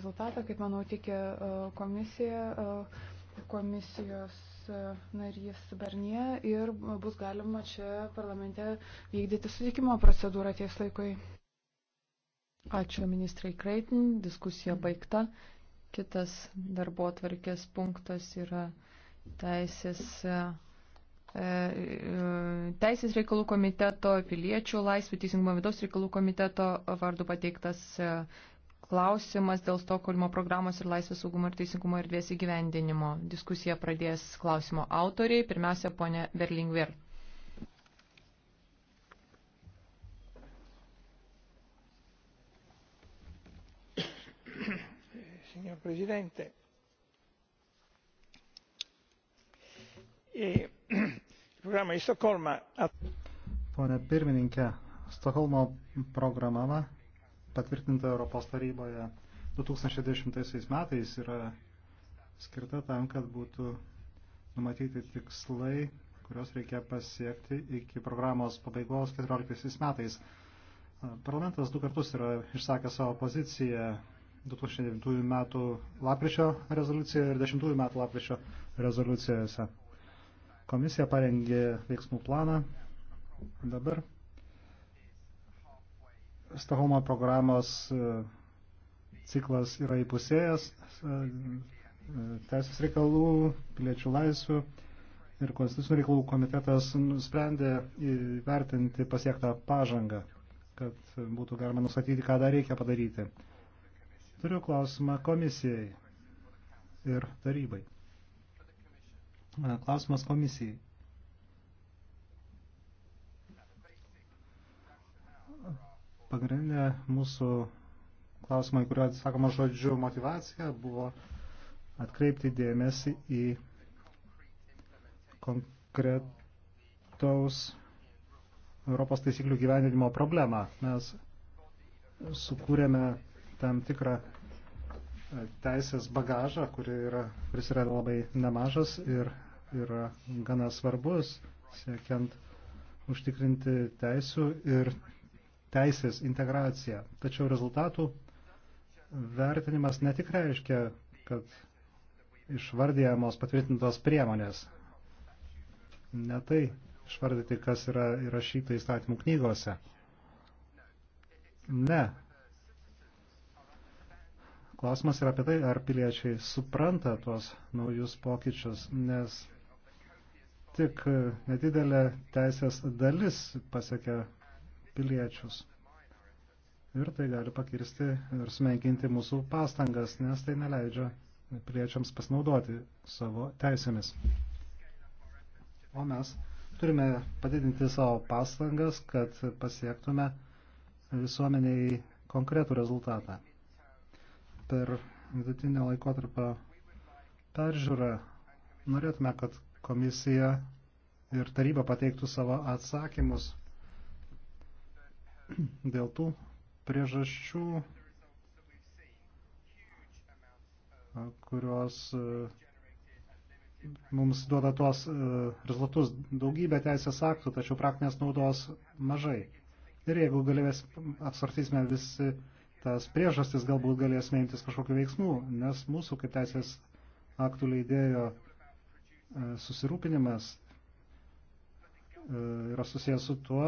rezultatą, kaip manau tikė e, komisija, e, komisijos e, narys Barnie ir bus galima čia parlamente vykdyti sutikimo procedūrą ties laikui. Ačiū ministrai Kreitin, diskusija baigta. Kitas darbo atvarkės punktas yra teisės Teisės reikalų komiteto, piliečių laisvių teisingumo vidaus reikalų komiteto vardu pateiktas klausimas dėl Stokholmo programos ir laisvės saugumo ir teisingumo erdvės įgyvendinimo. Diskusiją pradės klausimo autoriai, pirmiausia, ponė Berlingver. Signor Presidente, e il programma di Stoccolma. Pone pirmininkė, Stokholmo programa patvirtinta Europos taryboje 2010 metais yra skirta tam, kad būtų numatyti tikslai, kurios reikia pasiekti iki programos pabaigos 2014 metais. Parlamentas du kartus yra išsakę savo poziciją 2009 metų lapkričio rezoliucijoje ir 10 metų lapkričio rezoliucijose. Komisija parengė veiksmų planą. Dabar Stokholmo programos e, ciklas yra įpusėjęs e, e, teisės reikalų, piliečių laisvių ir konstitucijų reikalų komitetas nusprendė įvertinti pasiektą pažangą, kad būtų galima nustatyti, ką dar reikia padaryti. Turiu klausimą komisijai ir tarybai. Klausimas komisijai. Pagrindinė mūsų klausimai, kurio atsakoma žodžiu motivacija, buvo atkreipti dėmesį į konkretaus Europos taisyklių gyvenimo problemą. Mes sukūrėme tam tikrą e, teisės bagažą, kuri yra, kuris yra labai nemažas ir yra gana svarbus, siekiant užtikrinti teisų ir teisės integraciją. Tačiau rezultatų vertinimas ne tik reiškia, kad išvardėjamos patvirtintos priemonės. Ne tai išvardyti, kas yra įrašyta įstatymų knygose. Ne. Klausimas yra apie tai, ar piliečiai supranta tuos naujus pokyčius, nes tik nedidelė teisės dalis pasiekia piliečius. Ir tai gali pakirsti ir sumenkinti mūsų pastangas, nes tai neleidžia piliečiams pasinaudoti savo teisėmis. O mes turime padidinti savo pastangas, kad pasiektume visuomeniai konkretų rezultatą. Per vidutinę laikotarpio peržiūrą norėtume, kad komisija ir taryba pateiktų savo atsakymus Dėl tų priežasčių, kurios mums duoda tuos rezultatus daugybę teisės aktų, tačiau praktinės naudos mažai. Ir jeigu galės, apsvartysime visi tas priežastis, galbūt galėsime imtis kažkokiu veiksmu, nes mūsų kaip teisės aktų leidėjo susirūpinimas yra susijęs su tuo,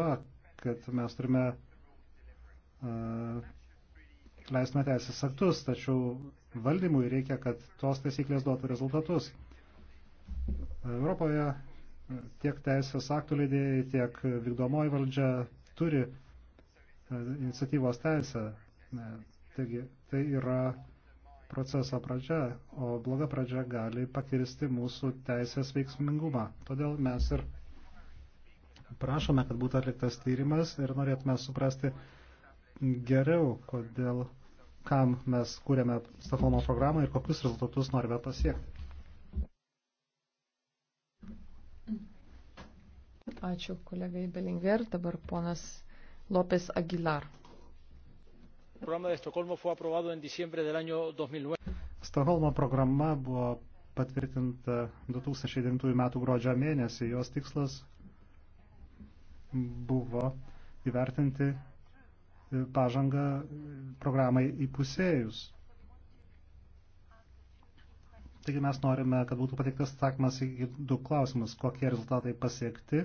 kad mes turime E, leistume teisės aktus, tačiau valdymui reikia, kad tos taisyklės duotų rezultatus. Europoje tiek teisės aktų leidėjai, tiek vykdomoji valdžia turi e, iniciatyvos teisę. E, taigi tai yra proceso pradžia, o bloga pradžia gali pakirsti mūsų teisės veiksmingumą. Todėl mes ir prašome, kad būtų atliktas tyrimas ir norėtume suprasti, geriau, kodėl, kam mes kūrėme Stokholmo programą ir kokius rezultatus norime pasiekti. Ačiū kolegai Belinger, dabar ponas Lopes Aguilar. Stokholmo programa buvo patvirtinta 2009 m. gruodžio mėnesį. Jos tikslas buvo įvertinti pažangą programai įpusėjus. Taigi mes norime, kad būtų pateiktas atsakymas į du klausimus, kokie rezultatai pasiekti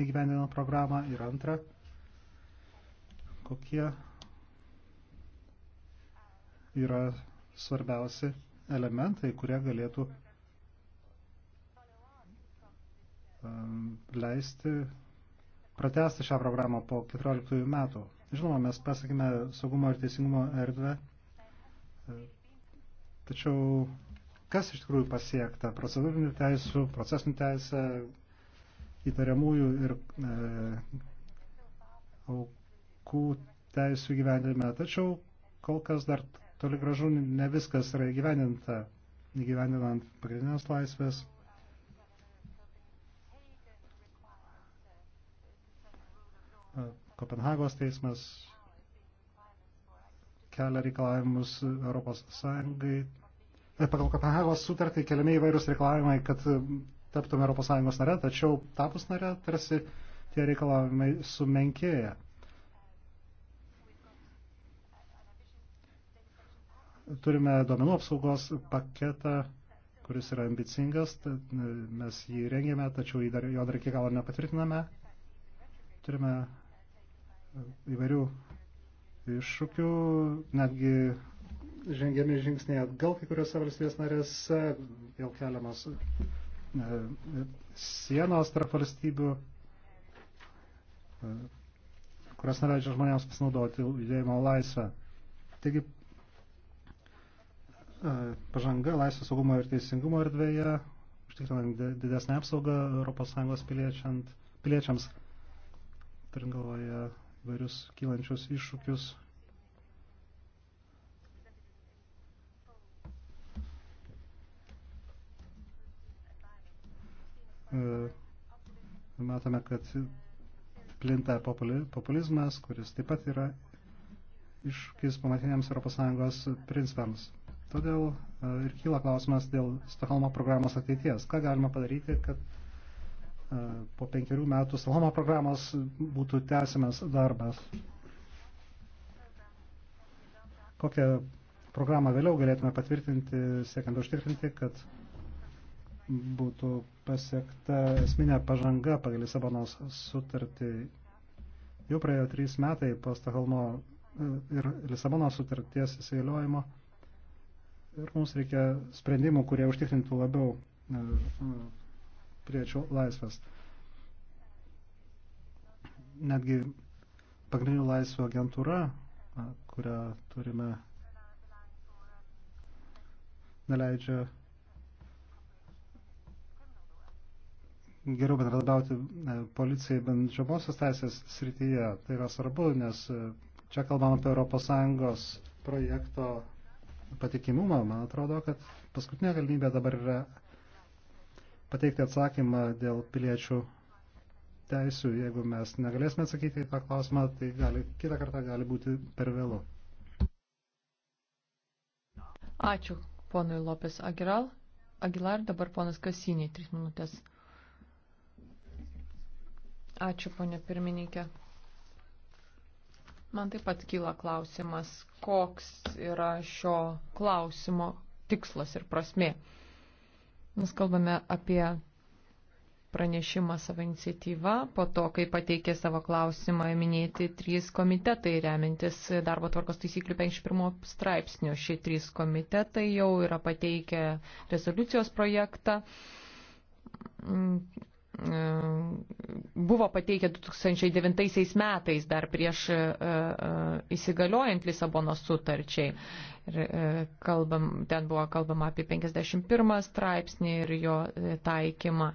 įgyvendinant programą ir antra, kokie yra svarbiausi elementai, kurie galėtų um, leisti pratesti šią programą po 14 metų. Žinoma, mes pasakime saugumo ir teisingumo erdvę, e, tačiau kas iš tikrųjų pasiekta? Procedūrinių teisų, procesinių teisę, įtariamųjų ir e, aukų teisų gyvendinime. Tačiau kol kas dar toli gražu ne viskas yra įgyvendinta, įgyvendinant pagrindinės laisvės. Kopenhagos teismas kelia reikalavimus Europos Sąjungai. E, pagal Kopenhagos sutartį keliami įvairūs reikalavimai, kad taptume Europos Sąjungos nare, tačiau tapus nare tarsi tie reikalavimai sumenkėja. Turime duomenų apsaugos paketą, kuris yra ambicingas, e, mes jį rengėme, tačiau jo dar iki galo nepatvirtiname. Turime įvairių iššūkių, netgi žengiami žingsniai atgal kai kuriuose valstybės narėse, vėl keliamas e, sienos tarp valstybių, e, kurios neleidžia žmonėms pasinaudoti judėjimo laisvę. Taigi, e, pažanga laisvės saugumo ir teisingumo erdvėje, užtikrinant didesnę apsaugą ES piliečiams, turint galvoje varius kylančius iššūkius. E, matome, kad plinta populizmas, kuris taip pat yra iššūkis pamatiniams ES principams. Todėl e, ir kyla klausimas dėl Stokholmo programos ateities. Ką galima padaryti, kad E, po penkerių metų Stalomo programos būtų tęsiamas darbas. Kokią programą vėliau galėtume patvirtinti, siekiant užtikrinti, kad būtų pasiekta esminė pažanga pagal Lisabonos sutartį. Jau praėjo trys metai po Stokholmo e, ir Lisabonos sutarties įsigaliojimo ir mums reikia sprendimų, kurie užtikrintų labiau e, priečių laisvės. Netgi pagrindinių laisvių agentūra, kurią turime, neleidžia geriau bendradarbiauti policijai bandžiamosios teisės srityje. Tai yra svarbu, nes čia kalbam apie ES projekto patikimumą. Man atrodo, kad paskutinė galimybė dabar yra pateikti atsakymą dėl piliečių teisų. Jeigu mes negalėsime atsakyti į tą klausimą, tai gali, kitą kartą gali būti per vėlu. Ačiū ponui Lopes Agiral. Agilar, dabar ponas Kasinė, 3 minutės. Ačiū, ponė pirmininkė. Man taip pat kyla klausimas, koks yra šio klausimo tikslas ir prasmė. Mes kalbame apie pranešimą savo iniciatyvą, po to, kai pateikė savo klausimą minėti trys komitetai, remintis darbo tvarkos taisyklių 51 straipsnių. Šie trys komitetai jau yra pateikę rezoliucijos projektą E, buvo pateikę 2009 metais dar prieš e, e, įsigaliojant Lisabono sutarčiai. Ir kalbam, ten buvo kalbama apie 51 straipsnį ir jo taikymą.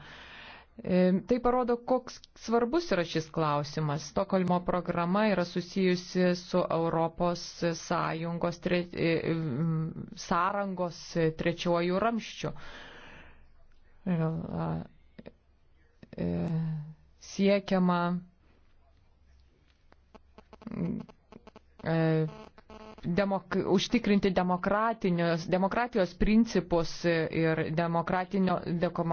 Tai parodo, koks svarbus yra šis klausimas. Stokholmo programa yra susijusi su Europos sąjungos tre, sąrangos trečiuoju ramščiu. Ir, E, siekiama e, demok, užtikrinti demokratijos principus ir demokratinio,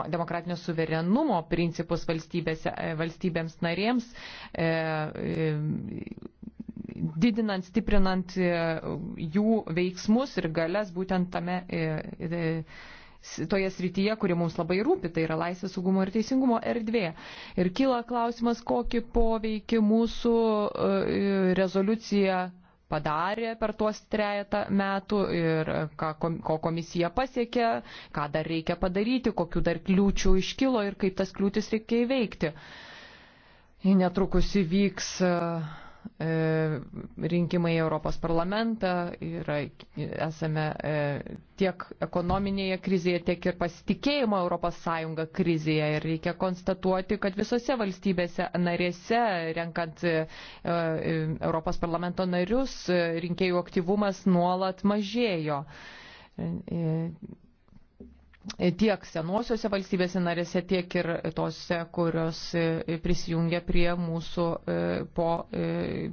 demokratinio suverenumo principus e, valstybėms narėms, didinant, stiprinant jų veiksmus ir galias būtent tame toje srityje, kuri mums labai rūpi, tai yra laisvė saugumo ir teisingumo erdvė. Ir kyla klausimas, kokį poveikį mūsų e, rezoliucija padarė per tuos trejetą metų ir ką, ko komisija pasiekė, ką dar reikia padaryti, kokiu dar kliūčių iškilo ir kaip tas kliūtis reikia įveikti. Netrukus įvyks uh, E, rinkimai į Europos parlamentą, yra, esame e, tiek ekonominėje krizėje, tiek ir pasitikėjimo Europos Sąjunga krizėje. Ir reikia konstatuoti, kad visose valstybėse narėse, renkant e, Europos parlamento narius, rinkėjų aktyvumas nuolat mažėjo tiek senosiose valstybėse narėse, tiek ir tose, kurios e, prisijungia prie mūsų e, po e,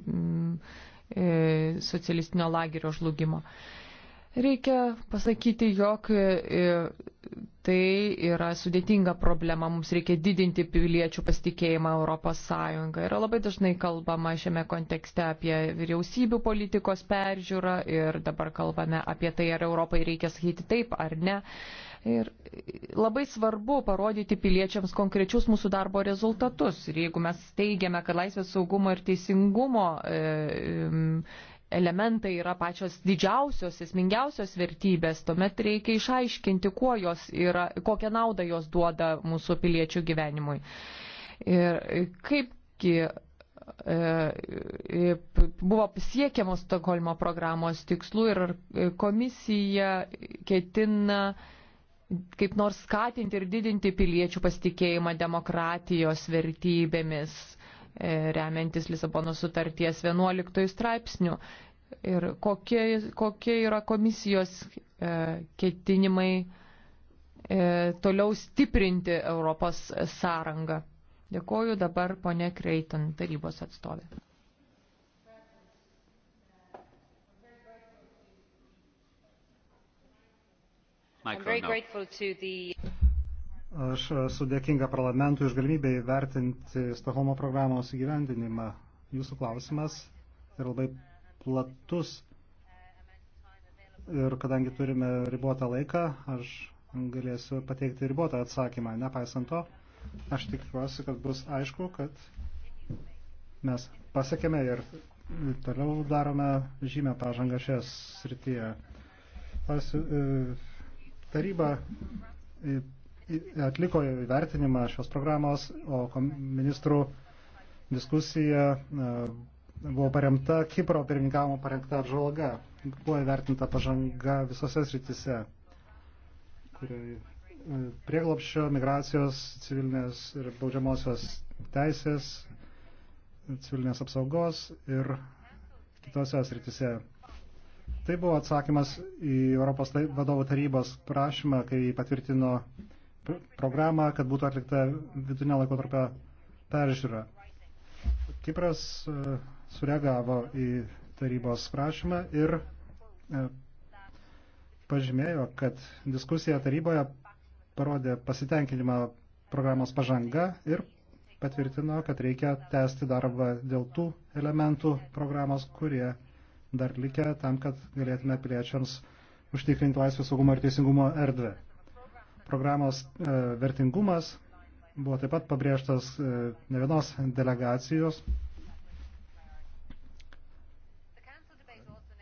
socialistinio lagerio žlugimo. Reikia pasakyti, jog e, tai yra sudėtinga problema, mums reikia didinti piliečių pasitikėjimą Europos Sąjungą. Yra labai dažnai kalbama šiame kontekste apie vyriausybių politikos peržiūrą ir dabar kalbame apie tai, ar Europai reikia sakyti taip ar ne. Ir labai svarbu parodyti piliečiams konkrečius mūsų darbo rezultatus. Ir jeigu mes teigiame, kad laisvės saugumo ir teisingumo e, elementai yra pačios didžiausios, esmingiausios vertybės, tuomet reikia išaiškinti, kuo jos yra, kokią naudą jos duoda mūsų piliečių gyvenimui. Ir kaipgi e, e, buvo siekiamos Stokholmo programos tikslų ir komisija ketina kaip nors skatinti ir didinti piliečių pasitikėjimą demokratijos vertybėmis E, remiantis Lisabono sutarties 11 straipsnių. Ir kokie, kokie yra komisijos e, ketinimai e, toliau stiprinti Europos sąrangą. Dėkoju dabar ponė Kreiton, tarybos atstovė. Micro, no. Aš esu dėkinga parlamentui už galimybę įvertinti Stokholmo programos įgyvendinimą. Jūsų klausimas yra labai platus. Ir kadangi turime ribotą laiką, aš galėsiu pateikti ribotą atsakymą. Nepaisant to, aš tikiuosi, kad bus aišku, kad mes pasiekėme ir toliau darome žymę pažangą šioje srityje. E, taryba e, atliko įvertinimą šios programos, o ministrų diskusija e, buvo paremta Kipro pirmininkavimo parengta apžvalga. Buvo įvertinta pažanga visose srityse, kuriai e, prieglopščio, migracijos, civilinės ir baudžiamosios teisės, civilinės apsaugos ir kitose srityse. Tai buvo atsakymas į Europos tai-, vadovų tarybos prašymą, kai patvirtino programą, kad būtų atlikta vidutinė laikotarpio peržiūra. Kipras e, sureagavo į tarybos prašymą ir e, pažymėjo, kad diskusija taryboje parodė pasitenkinimą programos pažanga ir patvirtino, kad reikia tęsti darbą dėl tų elementų programos, kurie dar likę tam, kad galėtume piliečiams užtikrinti laisvę saugumo ir teisingumo erdvę. Programos e, vertingumas buvo taip pat pabrėžtas e, ne vienos delegacijos.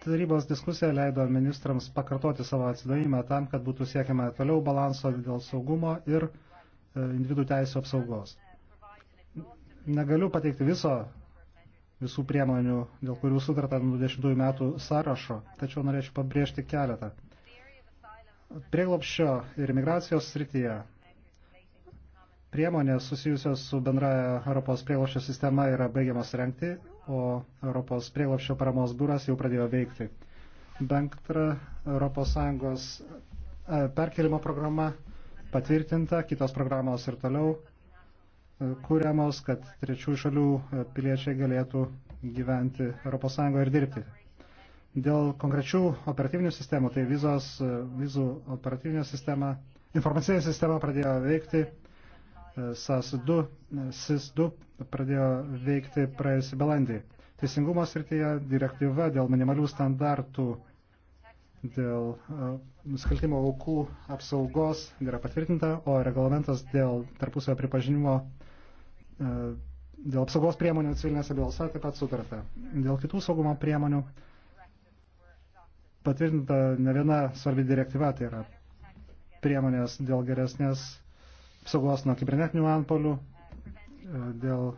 Tarybos diskusija leido ministrams pakartoti savo atsidavimą tam, kad būtų siekiama toliau balanso dėl saugumo ir e, individų teisų apsaugos. Negaliu pateikti viso visų priemonių, dėl kurių sutarta 20 metų sąrašo, tačiau norėčiau pabrėžti keletą prieglopščio ir migracijos srityje priemonės susijusios su bendra Europos prieglopščio sistema yra baigiamas renkti, o Europos prieglopščio paramos biuras jau pradėjo veikti. Bendra Europos Sąjungos e, perkelimo programa patvirtinta, kitos programos ir toliau e, kūriamos, kad trečių šalių e, piliečiai galėtų gyventi Europos Sąjungoje ir dirbti. Dėl konkrečių operatyvinių sistemų, tai vizos, e, vizų operatyvinė sistema, informacinė sistema pradėjo veikti, SAS2, e, SIS2 e, pradėjo veikti praėjusį balandį. Teisingumo srityje direktyva dėl minimalių standartų dėl nusikaltimo aukų apsaugos yra patvirtinta, o reglamentas dėl tarpusavio pripažinimo dėl apsaugos priemonių civilinėse bylose taip pat sutarta. Dėl kitų saugumo priemonių patvirtinta ne viena svarbi direktyva, tai yra priemonės dėl geresnės apsaugos nuo kibernetinių antpolių, e, dėl e,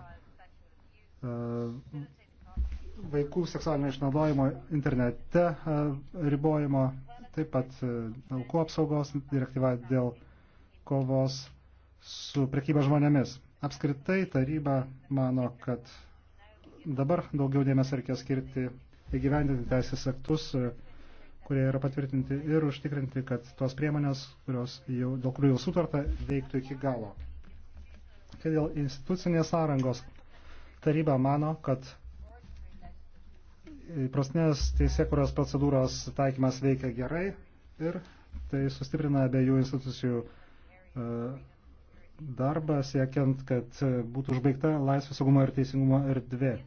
vaikų seksualinio išnaudojimo internete e, ribojimo, taip pat aukų apsaugos direktyva dėl kovos su prekyba žmonėmis. Apskritai taryba mano, kad dabar daugiau dėmesio reikia skirti įgyvendinti teisės aktus kurie yra patvirtinti ir užtikrinti, kad tos priemonės, kurios jau, dėl kurių jau sutarta, veiktų iki galo. Kai dėl institucinės sąrangos taryba mano, kad įprastinės teisėkuros procedūros taikymas veikia gerai ir tai sustiprina abiejų institucijų e, darbą siekiant, kad būtų užbaigta laisvės saugumo ir teisingumo erdvė.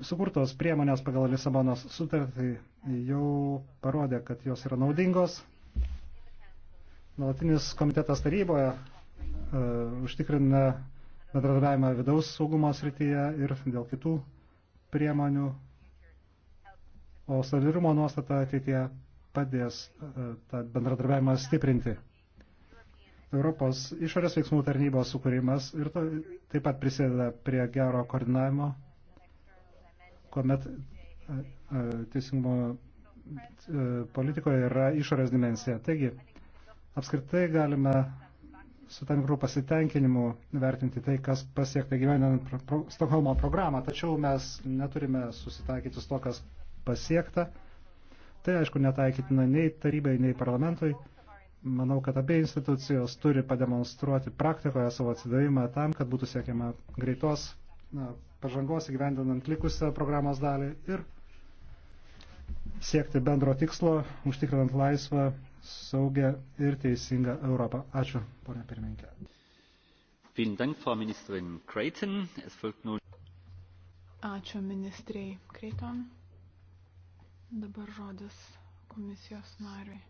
Sukurtos priemonės pagal Lisabonos sutartį jau parodė, kad jos yra naudingos. Nuolatinis komitetas taryboje uh, užtikrina bendradarbiavimą vidaus saugumo srityje ir dėl kitų priemonių, o solidarumo nuostata ateityje padės uh, tą bendradarbiavimą stiprinti. Europos išorės veiksmų tarnybos sukūrimas ir to, taip pat prisideda prie gero koordinavimo kuomet teisingumo politikoje yra išorės dimensija. Taigi, apskritai galime su tam tikrų pasitenkinimu vertinti tai, kas pasiekta gyvenant pro, Stokholmo programą, tačiau mes neturime susitaikyti su to, kas pasiekta. Tai aišku netaikytina nei tarybai, nei parlamentui. Manau, kad abie institucijos turi pademonstruoti praktikoje savo atsidavimą tam, kad būtų siekiama greitos na, pažangos įgyvendinant likusią programos dalį ir siekti bendro tikslo, užtikrinant laisvą, saugę ir teisingą Europą. Ačiū, ponė pirmininkė. Ačiū ministrei Kreiton. Dabar žodis komisijos nariui.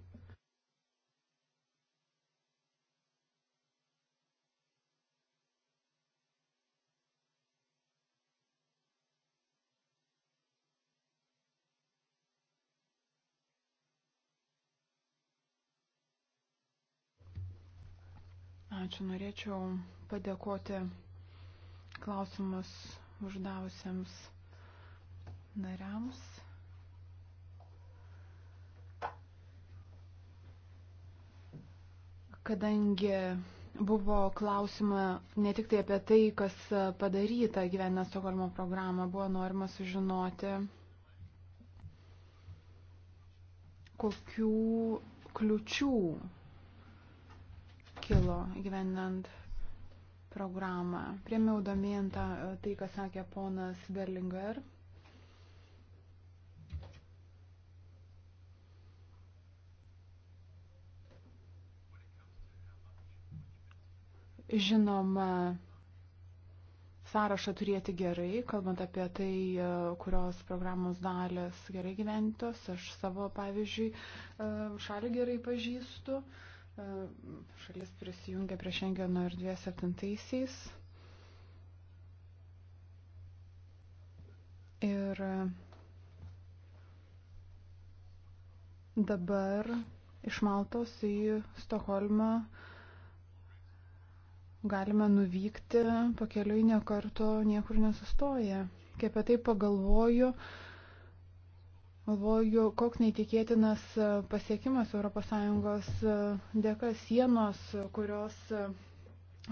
Ačiū, norėčiau padėkoti klausimus uždavusiems nariams. Kadangi buvo klausima ne tik tai apie tai, kas padaryta gyvenę Stokholmo programą, buvo norima sužinoti, kokių kliučių kilo gyvenant programą. Priemiau domintą e, tai, ką sakė ponas Berlinger. Žinoma, sąrašą turėti gerai, kalbant apie tai, e, kurios programos dalis gerai gyventos. Aš savo, pavyzdžiui, e, šalį gerai pažįstu. Uh, E, šalis prisijungė prie Šengeno ir 27-aisiais. E, ir dabar iš Maltos į Stokholmą galime nuvykti pakeliui nekarto niekur nesustoję. Kai apie tai pagalvoju, uh, Galvoju, koks neįtikėtinas e, pasiekimas ES e, dėka sienos, kurios e,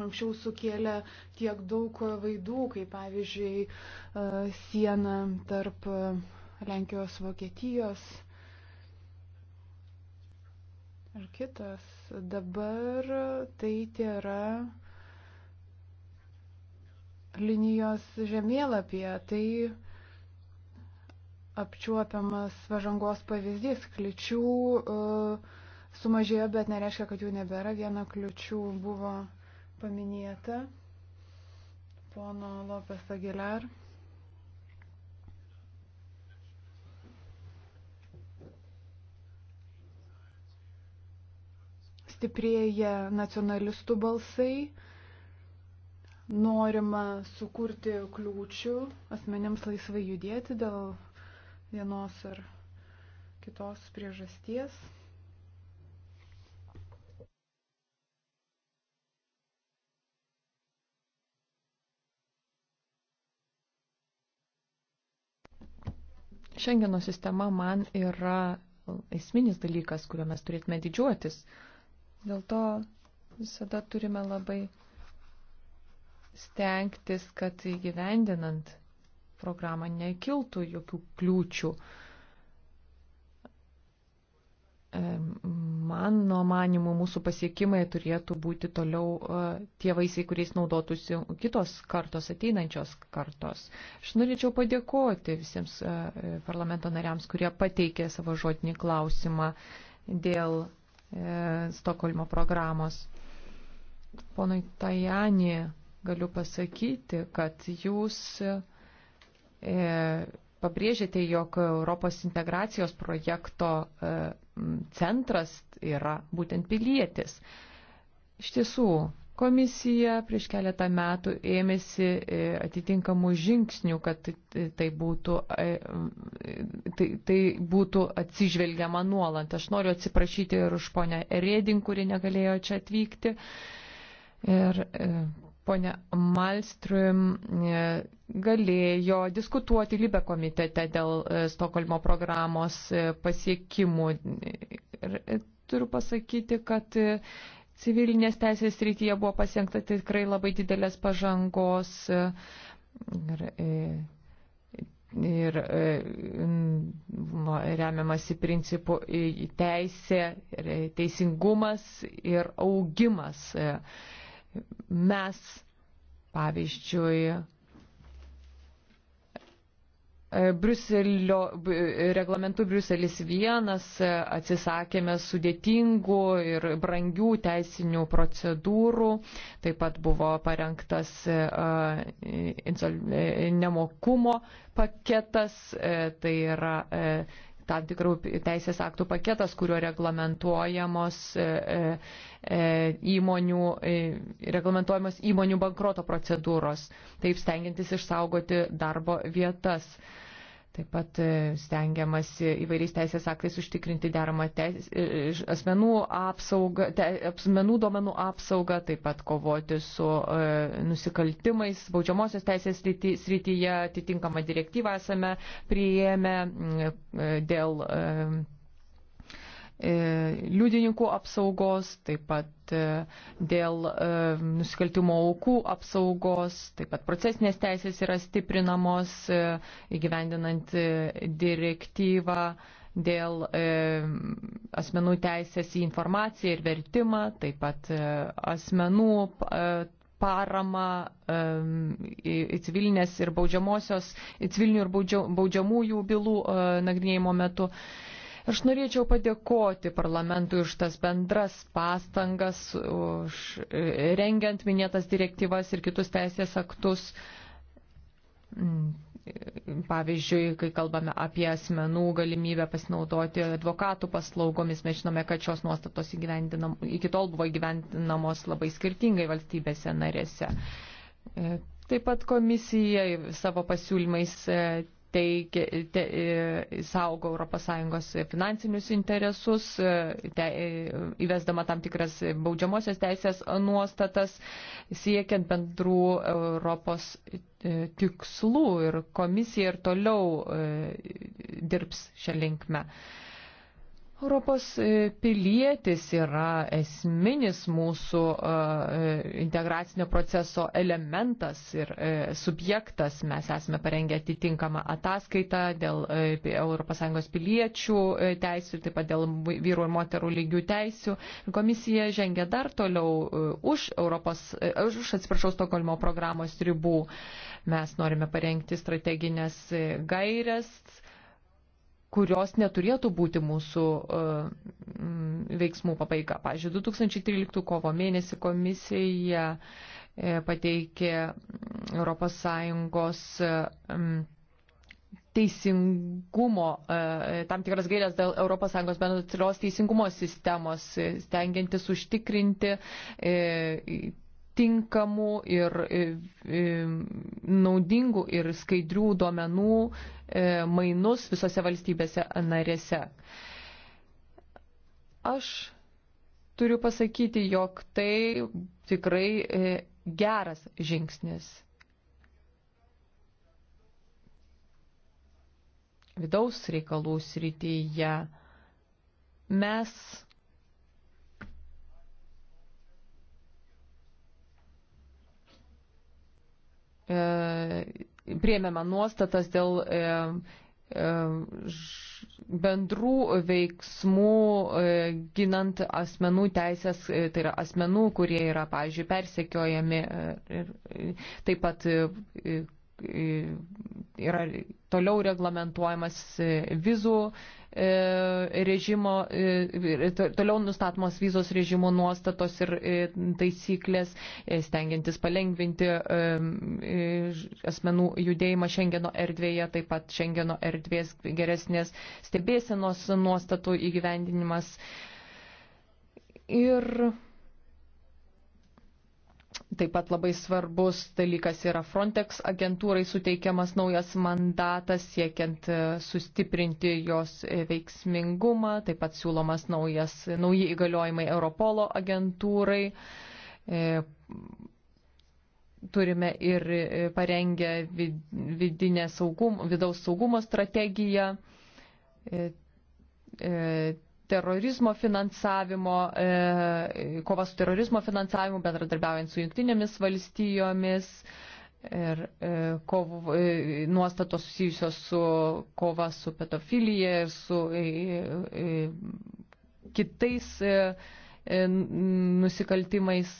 anksčiau sukėlė tiek daug vaidų, kaip pavyzdžiui siena tarp Lenkijos, Vokietijos ir kitas. Dabar tai yra linijos žemėlapyje. Tai apčiuopiamas pažangos pavyzdys. Kliučių e, sumažėjo, bet nereiškia, kad jų nebėra. Viena kliučių buvo paminėta. Pono Lopes Aguilar. Stiprėja nacionalistų balsai norima sukurti kliūčių asmenims laisvai judėti dėl vienos ar kitos priežasties. Šengeno sistema man yra esminis dalykas, kuriuo mes turėtume didžiuotis. Dėl to visada turime labai stengtis, kad įgyvendinant programą nekiltų jokių kliūčių. E, mano manimu, mūsų pasiekimai turėtų būti toliau e, tie vaisiai, kuriais naudotųsi kitos kartos, ateinančios kartos. Aš norėčiau padėkoti visiems e, parlamento nariams, kurie pateikė savo žodinį klausimą dėl Stokholmo programos. Ponui Tajani galiu pasakyti, kad jūs E, pabrėžėte, jog Europos integracijos projekto e, centras yra būtent pilietis. Iš tiesų, komisija prieš keletą metų ėmėsi e, atitinkamų žingsnių, kad tai būtų, tai, tai būtų atsižvelgiama nuolant. Aš noriu atsiprašyti ir už ponę Redin, kuri negalėjo čia atvykti. Ir ponia Malstrum e, galėjo diskutuoti Libe komitete dėl e, Stokholmo programos e, pasiekimų. Ir turiu pasakyti, kad civilinės teisės rytyje buvo pasiekta tikrai labai didelės pažangos. Ir, ir nu, remiamasi principų teisė, teisingumas ir augimas. E, Mes, pavyzdžiui, Briuselio, reglamentu Briuselis vienas e, atsisakėme sudėtingų ir brangių teisinių procedūrų, taip pat buvo parengtas e, e, nemokumo paketas, tai yra tam tikrų teisės aktų paketas, kuriuo reglamentuojamos e, e, e, įmonių, reglamentuojamos įmonių bankroto procedūros, taip stengiantis išsaugoti darbo vietas. Taip pat e, stengiamasi įvairiais teisės aktais užtikrinti deramą teis, e, e, asmenų, apsaugą, te, asmenų duomenų apsaugą, taip pat kovoti su e, nusikaltimais. Baudžiamosios teisės srityje atitinkamą direktyvą esame priėmę e, dėl. E, E, liudininkų apsaugos, taip pat e, dėl e, nusikaltimo aukų apsaugos, taip pat procesinės teisės yra stiprinamos įgyvendinant direktyvą dėl asmenų teisės į informaciją ir vertimą, taip pat asmenų parama į civilinės ir baudžiamosios, civilinių ir baudžiamųjų bylų nagrinėjimo metu. Aš norėčiau padėkoti parlamentui už tas bendras pastangas, už e, rengiant minėtas direktyvas ir kitus teisės aktus. Mm, pavyzdžiui, kai kalbame apie asmenų galimybę pasinaudoti advokatų paslaugomis, mes žinome, kad šios nuostatos iki tol buvo įgyvendinamos labai skirtingai valstybėse narėse. E, taip pat komisija savo pasiūlymais e, teikia, te, e, saugo ES finansinius interesus, e, te, e, įvesdama tam tikras baudžiamosios teisės nuostatas, siekiant bendrų Europos tikslų ir komisija ir toliau dirbs šią linkmę. Europos e, pilietis yra esminis mūsų e, e, integracinio proceso elementas ir subjektas. Mes esame parengę atitinkamą ataskaitą dėl ES piliečių teisų ir taip pat dėl vyrų ir moterų lygių teisų. Komisija žengia dar toliau už, Europos, už atsiprašau, Stokholmo programos ribų. Mes norime parengti strateginės gairias kurios neturėtų būti mūsų e, veiksmų pabaiga. Pavyzdžiui, 2013 kovo mėnesį komisija e, pateikė ES e, teisingumo, tam tikras gailės dėl ES bendros teisingumo sistemos, stengiantis užtikrinti tinkamų ir e, e, naudingų ir skaidrių duomenų e, mainus visose valstybėse narėse. Aš turiu pasakyti, jog tai tikrai geras žingsnis. Vidaus reikalų srityje mes E, priemėme nuostatas dėl e, e, bendrų veiksmų ginant asmenų teisės, tai yra asmenų, kurie yra, pavyzdžiui, persekiojami ir taip pat E, yra toliau reglamentuojamas e, vizų e, režimo, toliau nustatomos vizos režimo nuostatos ir taisyklės, stengiantis palengvinti asmenų judėjimą Šengeno erdvėje, taip pat Šengeno erdvės geresnės stebėsenos nuostatų įgyvendinimas. Ir Taip pat labai svarbus dalykas yra Frontex agentūrai suteikiamas naujas mandatas siekiant e, sustiprinti jos e, veiksmingumą, taip pat siūlomas naujas, nauji įgaliojimai Europolo agentūrai. E, turime ir parengę vidinę saugum, vidaus saugumo strategiją terorizmo finansavimo, e, kova su terorizmo finansavimu, bendradarbiaujant su jungtinėmis valstijomis ir e, kovų, e, nuostatos susijusios su kova su pedofilija ir su kitais nusikaltimais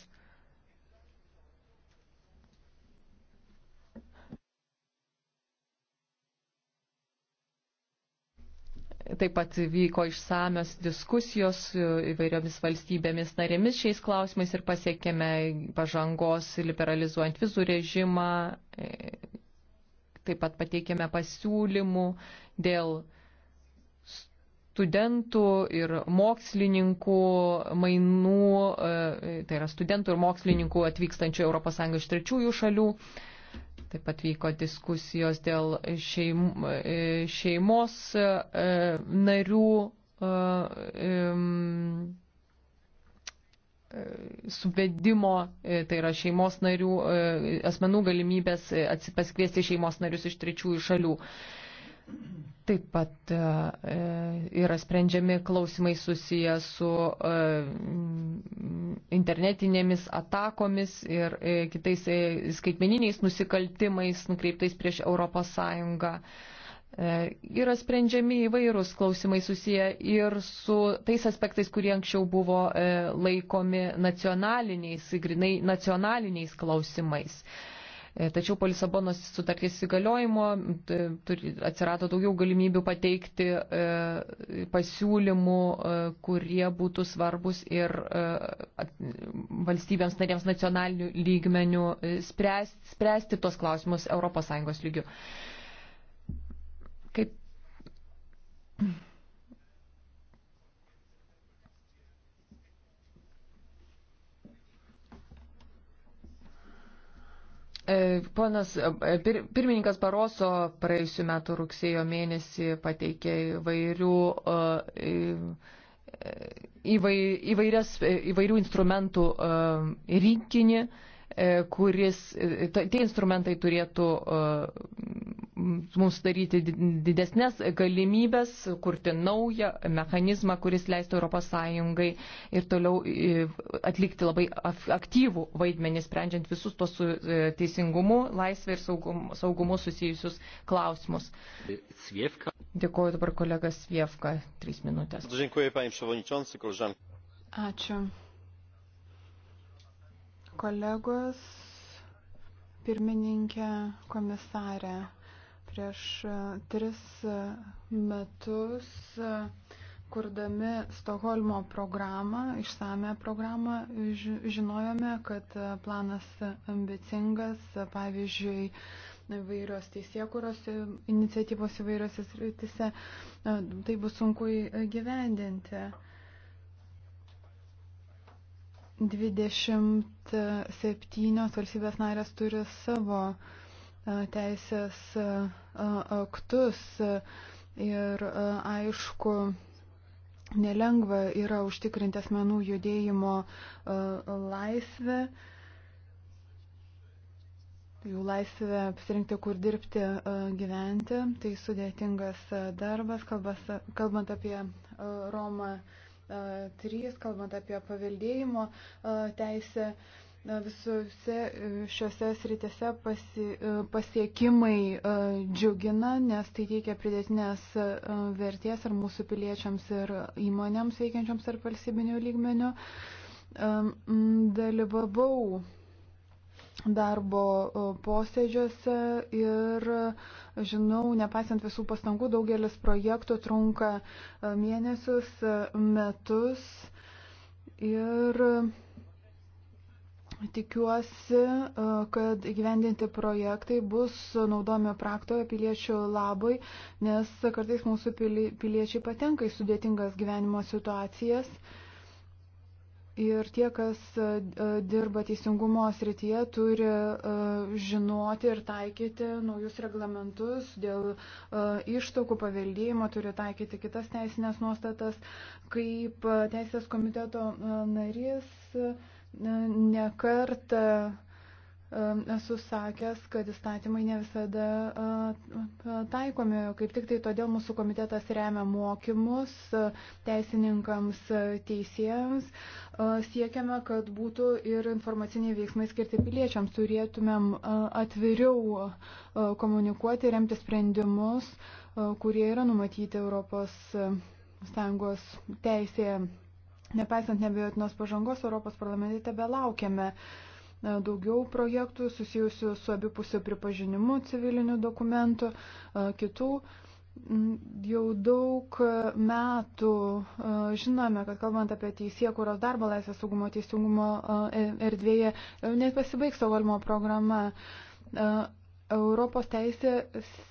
Taip pat vyko išsamios diskusijos įvairiomis valstybėmis narėmis šiais klausimais ir pasiekėme pažangos liberalizuojant vizų režimą. Taip pat pateikėme pasiūlymų dėl studentų ir mokslininkų mainų, e, tai yra studentų ir mokslininkų atvykstančių ES iš trečiųjų šalių. Taip pat vyko diskusijos dėl šeim, e, šeimos e, narių e, suvedimo, tai yra šeimos narių, asmenų galimybės pasikviesti šeimos narius iš trečiųjų šalių. Taip pat e, yra sprendžiami klausimai susiję su e, internetinėmis atakomis ir e, kitais skaitmeniniais nusikaltimais nukreiptais prieš Europos Sąjungą. Yra sprendžiami įvairūs klausimai susiję ir su tais aspektais, kurie anksčiau buvo laikomi nacionaliniais, grinai nacionaliniais klausimais. E, tačiau po Lisabonos sutarties įgaliojimo atsirado daugiau galimybių pateikti e, pasiūlymų, e, kurie būtų svarbus ir valstybėms narėms nacionalinių lygmenių spręsti, spręsti tos klausimus ES lygių. Kaip E, ponas e, pir, pirmininkas Baroso praėjusiu metu rugsėjo mėnesį pateikė įvairių, e, įvai, įvairias, įvairių instrumentų rinkinį E, kuris, e, tie instrumentai turėtų e, mums daryti didesnės galimybės, kurti naują mechanizmą, kuris leistų ES ir toliau atlikti labai aktyvų vaidmenį, sprendžiant visus tos su teisingumu, laisvė ir saugumu, saugumu susijusius klausimus. Svievka. Dėkuoju dabar kolega Svievka, trys minutės. Ačiū. Kolegos, pirmininkė, komisarė, prieš e, tris e, metus e, kurdami Stokholmo programą, išsame programą, žinojome, kad planas ambicingas, pavyzdžiui, įvairios teisėkuros iniciatyvos įvairiose sritise, tai bus sunku įgyvendinti. 27 valstybės narės turi savo teisės aktus ir aišku, nelengva yra užtikrinti asmenų judėjimo laisvę jų laisvę apsirinkti, kur dirbti, gyventi. Tai sudėtingas darbas, kalbas, kalbant apie Romą 3, kalbant apie paveldėjimo teisę. Visose e, šiuose sritėse pasi, e, pasiekimai e, džiugina, nes tai teikia pridėtinės vertės ar mūsų piliečiams ir įmonėms veikiančioms tarp valstybinių lygmenių. Dalyvavau darbo e, posėdžiuose ir e, žinau, nepaisant visų pastangų, daugelis projektų trunka e, mėnesius, metus ir tikiuosi, kad įgyvendinti projektai bus naudojami praktoje piliečių labui, nes kartais mūsų piliečiai patenka į sudėtingas gyvenimo situacijas. Ir tie, kas e, e, dirba teisingumo srityje, turi e, žinoti ir taikyti naujus reglamentus dėl ištokų paveldėjimo, turi taikyti kitas teisinės nuostatas. Kaip teisės komiteto narys nekarta esu sakęs, kad įstatymai ne visada taikomi. Kaip tik tai todėl mūsų komitetas remia mokymus teisininkams, teisėjams. Siekiame, kad būtų ir informaciniai veiksmai skirti piliečiams. Turėtumėm atviriau komunikuoti, remti sprendimus, kurie yra numatyti Europos Sąjungos teisėje. Nepaisant nebejotinos pažangos, Europos parlamente tebe laukiame uh, E, daugiau projektų susijusių su abipusiu pripažinimu civilinių dokumentų, e, kitų. Mm, jau daug metų e, žinome, kad kalbant apie teisė, kurios darbo laisvės saugumo teisingumo erdvėje, net pasibaigs Stokholmo programa. Europos teisė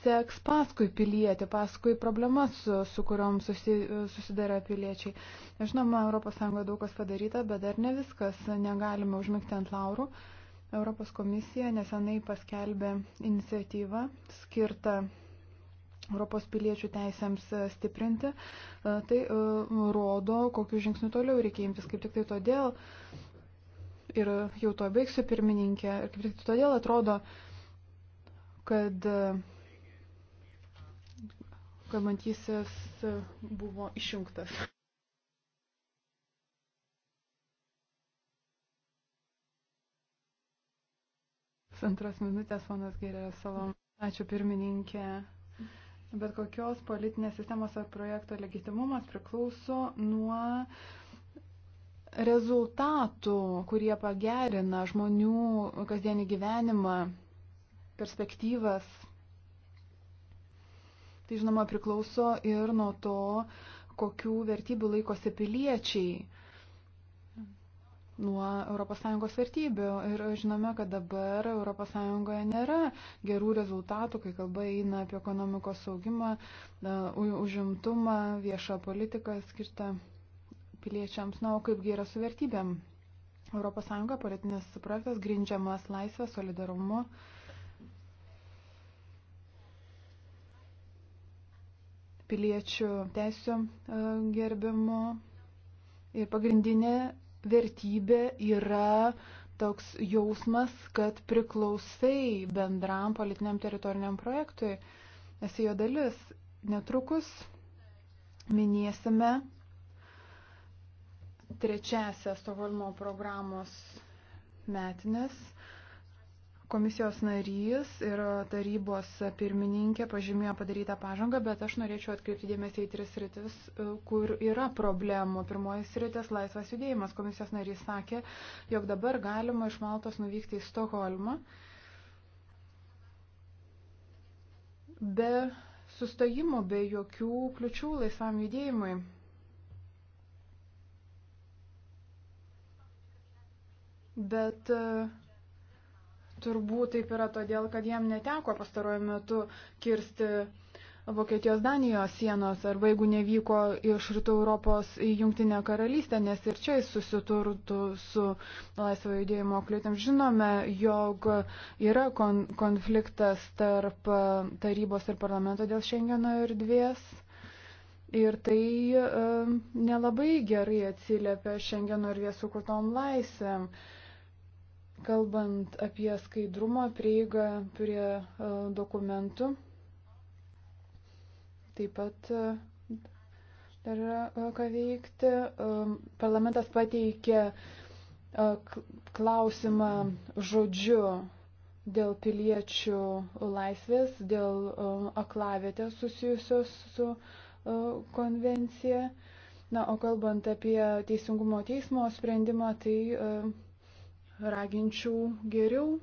seks paskui pilietį, paskui problemas, su, su kuriuom susi, susidarė piliečiai. Žinoma, ES daug kas padaryta, bet dar ne viskas. Negalime užmigti ant laurų. Europos komisija nesenai paskelbė iniciatyvą skirtą Europos piliečių teisėms stiprinti, tai e, rodo, kokiu žingsniu toliau reikia imtis. Kaip tik tai todėl, ir jau to baigsiu pirmininkė, ir kaip tik tai todėl atrodo, kad kalbantysis buvo išjungtas. Antros minutės, ponas Gerėjas Salom. Ačiū pirmininkė. Bet kokios politinės sistemos ar projekto legitimumas priklauso nuo rezultatų, kurie pagerina žmonių kasdienį gyvenimą perspektyvas. Tai žinoma priklauso ir nuo to, kokių vertybių laikosi piliečiai nuo ES vertybių. Ir žinome, kad dabar ES nėra gerų rezultatų, kai kalba eina apie ekonomikos saugimą, e, užimtumą, viešą politiką skirtą piliečiams. Na, o kaipgi yra su vertybėm? ES politinis projektas grindžiamas laisvę, solidarumu piliečių teisų e, gerbimu. Ir pagrindinė vertybė yra toks jausmas, kad priklausai bendram politiniam teritoriniam projektui, esi jo dalis. Netrukus minėsime trečiasią Stokholmo programos metinės. Komisijos narys ir tarybos pirmininkė pažymėjo padarytą pažangą, bet aš norėčiau atkreipti dėmesį į tris rytis, e, kur yra problemų. Pirmoji rytis - laisvas judėjimas. Komisijos narys sakė, jog dabar galima iš Maltos nuvykti į Stokholmą be sustojimo, be jokių kliučių laisvam judėjimui. Bet uh, Turbūt taip yra todėl, kad jam neteko pastaruoju metu kirsti Vokietijos Danijos sienos arba jeigu nevyko iš Rytų Europos į Jungtinę karalystę, nes ir čia jis susiturtų su laisvo judėjimo kliūtėm. Žinome, jog yra kon konfliktas tarp tarybos ir parlamento dėl Šengeno ir dvies. Ir tai e, nelabai gerai atsiliepia Šengeno ir viesukurtom laisvėm. E, kalbant apie skaidrumą, prieigą prie e, dokumentų. Taip pat e, dar yra e, ką veikti. Parlamentas pateikė klausimą žodžiu dėl piliečių laisvės, dėl aklavietės susijusios su konvencija. Na, o kalbant apie Teisingumo teismo sprendimą, tai raginčiau geriau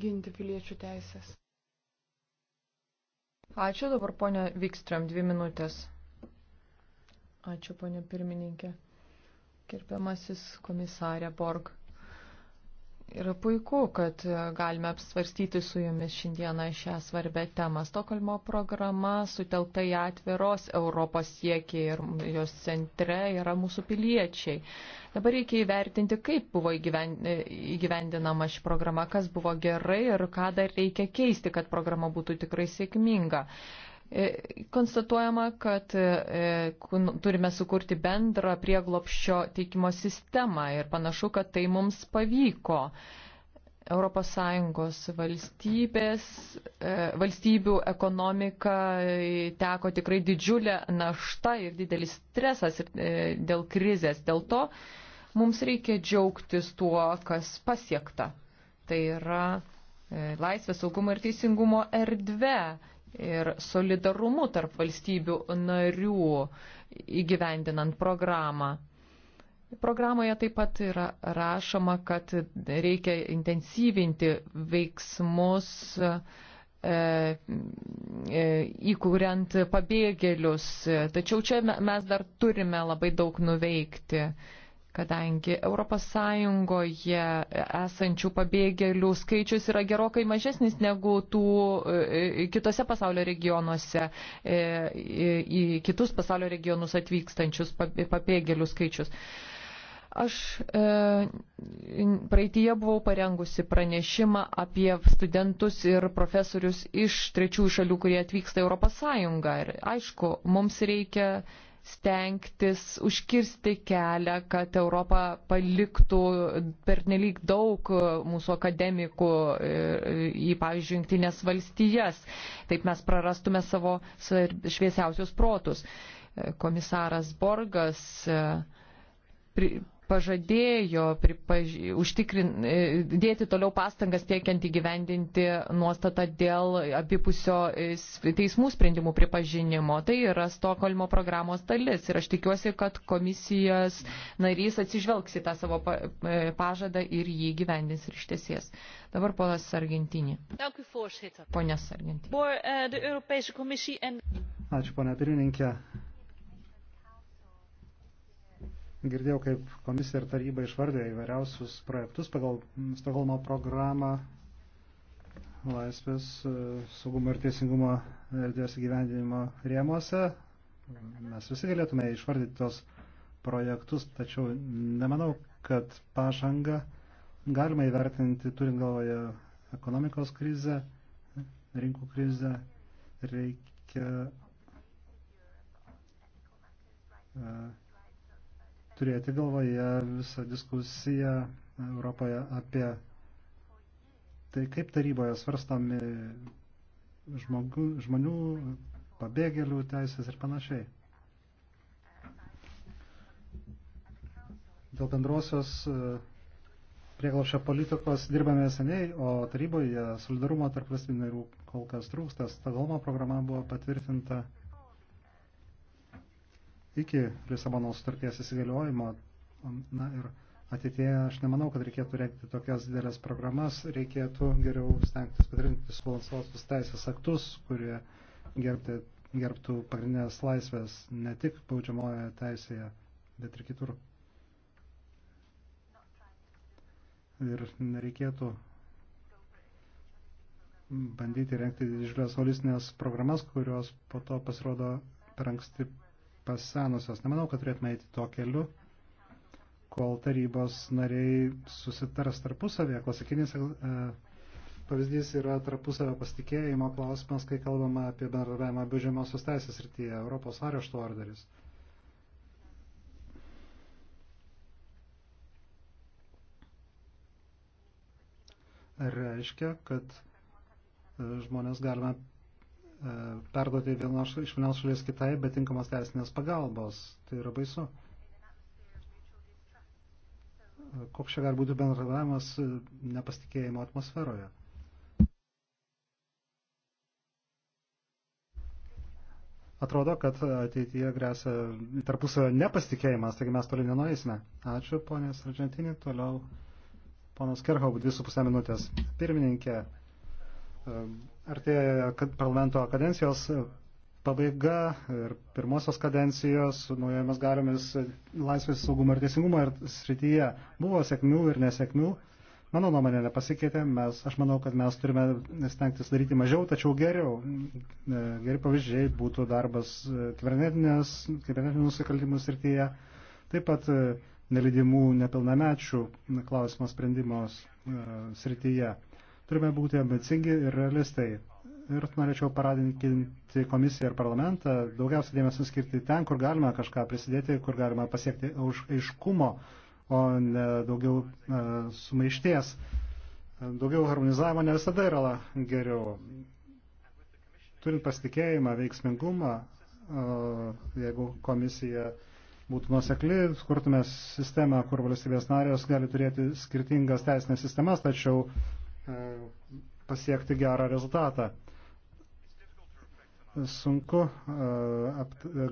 ginti piliečių teisės. Ačiū dabar ponia Vikstram, dvi minutės. Ačiū ponia pirmininkė. Kirpiamasis komisarė Borg. Yra puiku, kad galime apsvarstyti su jumis šiandieną šią svarbę temą. Stokholmo programa sutelkta į atviros Europos siekį ir jos centre yra mūsų piliečiai. Dabar reikia įvertinti, kaip buvo įgyvendinama ši programa, kas buvo gerai ir ką dar reikia keisti, kad programa būtų tikrai sėkminga. E, konstatuojama, kad e, turime sukurti bendrą prieglopščio teikimo sistemą ir panašu, kad tai mums pavyko. ES valstybės, e, valstybių ekonomika teko tikrai didžiulė našta ir didelis stresas dėl krizės. Dėl to mums reikia džiaugtis tuo, kas pasiekta. Tai yra laisvės, saugumo ir teisingumo erdvė ir solidarumu tarp valstybių narių įgyvendinant programą. Programoje taip pat yra rašoma, kad reikia intensyvinti veiksmus e, e, įkūrent pabėgėlius. Tačiau čia mes dar turime labai daug nuveikti kadangi ES esančių pabėgėlių skaičius yra gerokai mažesnis negu tų e, e, kitose pasaulio regionuose, e, į kitus pasaulio regionus atvykstančius pabėgėlių skaičius. Aš e, praeitie buvau parengusi pranešimą apie studentus ir profesorius iš trečiųjų šalių, kurie atvyksta Europos Sąjungą. Ir aišku, mums reikia e, stengtis užkirsti kelią, kad Europą paliktų pernelyg daug mūsų akademikų e, į, pavyzdžiui, jungtinės valstijas. Taip mes prarastume savo šviesiausius protus. E, komisaras Borgas e, pri, pažadėjo pripaž... užtikrin... E, dėti toliau pastangas tiekiant įgyvendinti nuostatą dėl abipusio e, teismų sprendimų pripažinimo. Tai yra Stokholmo programos dalis ir aš tikiuosi, kad komisijos narys atsižvelgs į tą savo e, pažadą ir jį gyvendins ir ištiesies. Dabar ponas Argentinį. Pone Sargentinį. Ačiū, ponia pirmininkė. Girdėjau, kaip komisija ir taryba išvardėjo įvairiausius projektus pagal Stokholmo programą laisvės saugumo ir teisingumo erdvės gyvendinimo rėmuose. Mes visi galėtume išvardyti tos projektus, tačiau nemanau, kad pažanga galima įvertinti turint galvoje ekonomikos krizę, rinkų krizę. Reikia uh, turėti galvoje visą diskusiją Europoje apie tai, kaip taryboje svarstami žmogų, žmonių, pabėgėlių teisės ir panašiai. Dėl bendrosios e, prieglaušio politikos dirbame seniai, o taryboje solidarumo tarp valstybinių kol kas trūksta. Stokholmo programa buvo patvirtinta iki Lisabono sutarties įsigaliojimo. Na ir ateitie aš nemanau, kad reikėtų rengti tokias didelės programas, reikėtų geriau stengtis patrinti subalansuotus teisės aktus, kurie gerbti, gerbtų pagrindinės laisvės ne tik baudžiamojoje teisėje, bet ir kitur. Ir nereikėtų bandyti rengti didžiulės holistinės programas, kurios po to pasirodo per anksti pasenusios. Nemanau, kad turėtume eiti to keliu, kol tarybos nariai susitars tarpusavėje. Klasikinis e, pavyzdys yra tarpusavio pasitikėjimo klausimas, kai kalbama apie bendradarbiavimą biudžiamosios teisės rytyje, Europos arešto orderis. Reiškia, kad e, žmonės galima E, perduoti vienos, iš vienos šalies kitai, bet tinkamos teisinės pagalbos. Tai yra baisu. E, koks čia gali būti bendradavimas e, nepasitikėjimo atmosferoje? Atrodo, kad ateityje grėsia tarpusavio nepasitikėjimas, taigi mes toliau nenorėsime. Ačiū, ponės Argentinį. Toliau ponas Kerhau, dvi su pusę minutės. Pirmininkė, artėja parlamento kadencijos pabaiga ir pirmosios kadencijos su naujomis galiomis laisvės saugumo ir teisingumo ir srityje buvo sėkmių ir nesėkmių. Mano nuomonė nepasikeitė, mes, aš manau, kad mes turime stengtis daryti mažiau, tačiau geriau. E, geri pavyzdžiai būtų darbas e, kibernetinių nusikaltimų srityje, taip pat e, nelydimų nepilnamečių klausimo sprendimos srityje. Turime būti ambicingi ir realistai. Ir norėčiau paradinti komisiją ir parlamentą, daugiausia dėmesio skirti ten, kur galima kažką prisidėti, kur galima pasiekti aiškumo, o ne daugiau e, sumaišties. Daugiau harmonizavimo ne visada yra geriau. Turint pasitikėjimą, veiksmingumą, e, jeigu komisija būtų nusekli, kurtume sistemą, kur valstybės narės gali turėti skirtingas teisinės sistemas, tačiau E, pasiekti gerą rezultatą. Sunku e,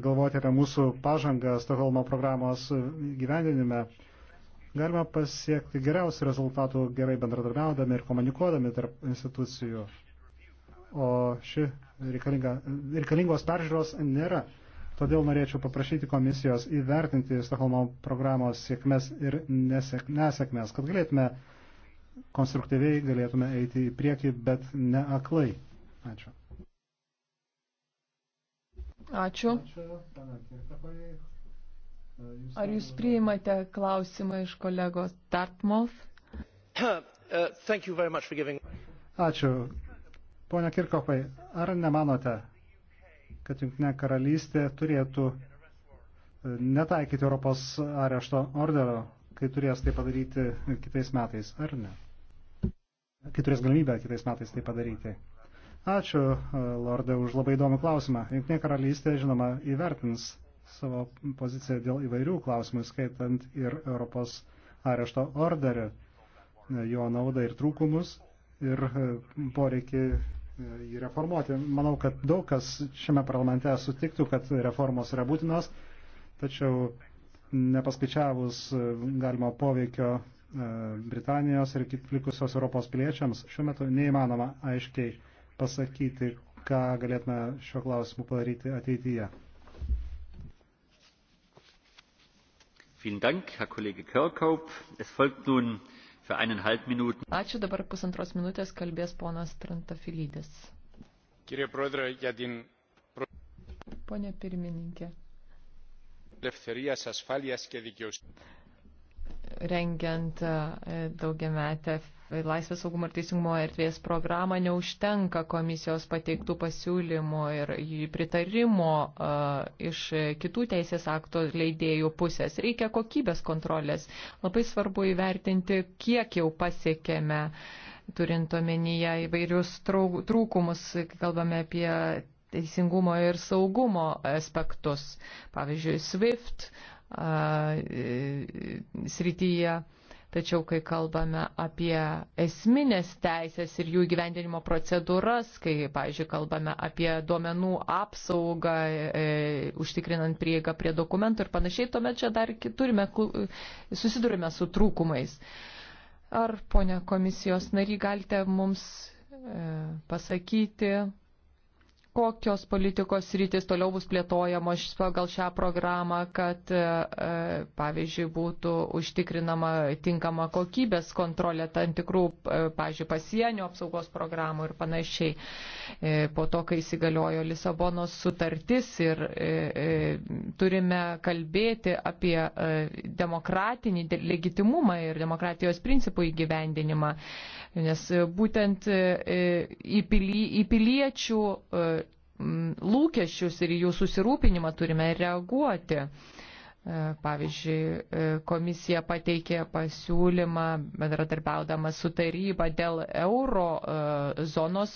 galvoti apie mūsų pažangą Stokholmo programos gyvendinime. Galima pasiekti geriausių rezultatų gerai bendradarbiaudami ir komunikuodami tarp institucijų. O ši reikalinga, reikalingos peržiūros nėra. Todėl norėčiau paprašyti komisijos įvertinti Stokholmo programos sėkmes ir nesėkmes, kad galėtume uh, konstruktyviai galėtume eiti į priekį, bet ne aklai. Ačiū. Ačiū. Ar jūs priimate klausimą iš kolegos Dartmouth? Uh, Ačiū. Pone Kirkopai, ar nemanote, kad Junktinė karalystė turėtų uh, netaikyti Europos arešto orderio kai turės tai padaryti kitais metais, ar ne? Kai turės galimybę kitais metais tai padaryti. Ačiū, Lorde, už labai įdomų klausimą. Junktinė karalystė, žinoma, įvertins savo poziciją dėl įvairių klausimų, skaitant ir Europos arešto orderį, jo naudą ir trūkumus ir poreikį e, jį reformuoti. Manau, kad daug kas šiame parlamente sutiktų, kad reformos yra būtinos, tačiau nepaskaičiavus e, galimo poveikio e, Britanijos ir likusios Europos piliečiams, šiuo metu neįmanoma aiškiai pasakyti, ką galėtume šiuo klausimu padaryti ateityje. Ačiū dabar pusantros minutės kalbės ponas Trantafilydis. Pone pirmininkė, ελευθερίας, ασφάλειας και δικαιοσύνης. Rengiant e, daugiametę laisvės saugumo ir teisingumo erdvės programą neužtenka komisijos pateiktų pasiūlymų ir pritarimo e, iš kitų teisės akto leidėjų pusės. Reikia kokybės kontrolės. Labai svarbu įvertinti, kiek jau pasiekėme turint omenyje įvairius trūkumus, kalbame apie teisingumo ir saugumo aspektus, pavyzdžiui, SWIFT a, srityje. Tačiau, kai kalbame apie esminės teisės ir jų gyvendinimo procedūras, kai, pavyzdžiui, kalbame apie duomenų apsaugą, e, užtikrinant prieigą prie dokumentų ir panašiai, tuomet čia dar turime, susidurime su trūkumais. Ar, ponia komisijos nary, galite mums e, pasakyti, kokios politikos rytis toliau bus plėtojamos pagal šią programą, kad, e, e, pavyzdžiui, būtų užtikrinama tinkama kokybės kontrolė tam tikrų, e, pavyzdžiui, pasienio apsaugos programų ir panašiai. Po to, kai įsigaliojo Lisabonos sutartis ir turime kalbėti apie demokratinį legitimumą ir demokratijos principų įgyvendinimą, nes būtent į piliečių lūkesčius ir jų susirūpinimą turime reaguoti. E, pavyzdžiui, e, komisija pateikė pasiūlymą, bendradarbiaudama su taryba dėl euro e, zonos,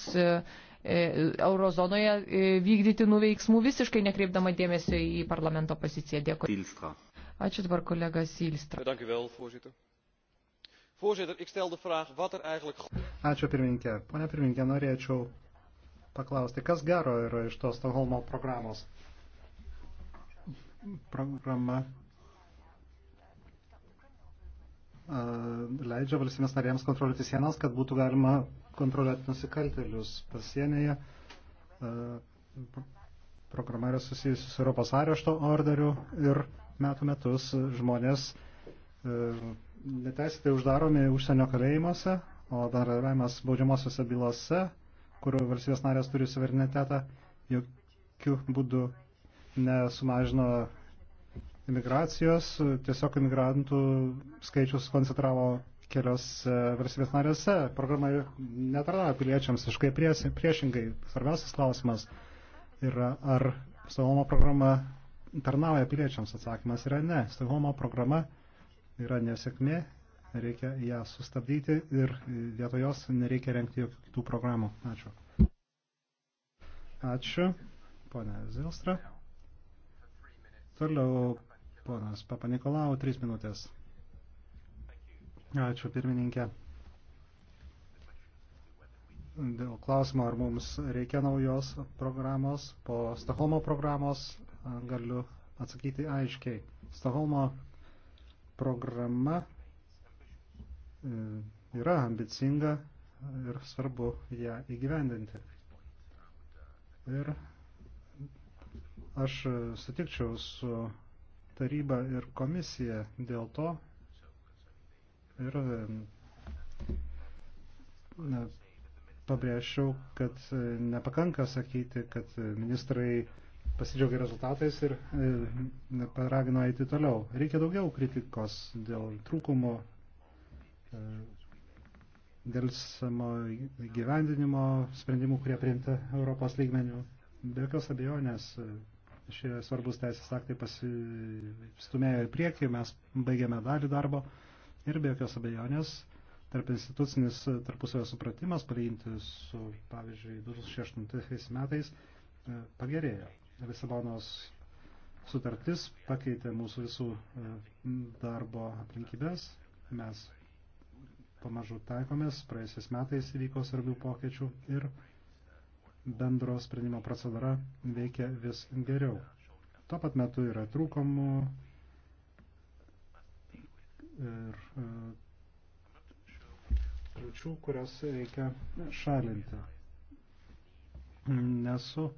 eurozonoje vykdyti nuveiksmų, visiškai nekreipdama dėmesio į parlamento poziciją. Dėkui. Ačiū dabar kolega Silstra. Er Ačiū pirmininkė. Pone pirmininkė, norėčiau paklausti, kas gero yra iš tos Stokholmo programos. Programa leidžia valstybės narėms kontroliuoti sienas, kad būtų galima kontroliuoti nusikaltelius pasienyje. Programa yra susijusi su Europos arešto orderiu ir metų metus žmonės neteisėtai uždaromi užsienio kalėjimuose, o bendradarbiavimas baudžiamosiose bylose kur valstybės narės turi suverenitetą, jokių būdų nesumažino imigracijos, tiesiog imigrantų skaičius koncentravo kelios e, valstybės narėse. Programa netarnauja piliečiams iškai priešingai. Svarbiausias klausimas yra, ar Stokholmo programa tarnauja piliečiams. Atsakymas yra ne. Stokholmo programa yra nesėkmė reikia ją sustabdyti ir vietoj jos nereikia renkti jokių kitų programų. Ačiū. Ačiū, ponė Zilstra. Toliau ponas Papa Nikolau, trys minutės. Ačiū, pirmininkė. Dėl klausimo, ar mums reikia naujos programos, po Stokholmo programos galiu atsakyti aiškiai. Stokholmo programa E, yra ambicinga ir svarbu ją įgyvendinti. Ir aš sutikčiau su taryba ir komisija dėl to ir na, pabrėžčiau, kad nepakanka sakyti, kad ministrai pasidžiaugia rezultatais ir e, paragino eiti toliau. Reikia daugiau kritikos dėl trūkumo E, dėlsamo gyvendinimo sprendimų, kurie priimta Europos lygmenių. Be jokios abejonės e, šie svarbus teisės aktai pasistumėjo į priekį, mes baigėme dalį darbo ir be jokios abejonės tarp institucinis tarpusavio supratimas, palyginti su, pavyzdžiui, 2008 metais, e, pagerėjo. Lisabonos sutartis pakeitė mūsų visų darbo aplinkybės, mes pamažu taikomės. Praėjusiais metais įvyko svarbių pokyčių ir bendro sprendimo procedūra veikia vis geriau. Tuo pat metu yra trūkomų ir e, kliučių, kurios reikia šalinti. Nesu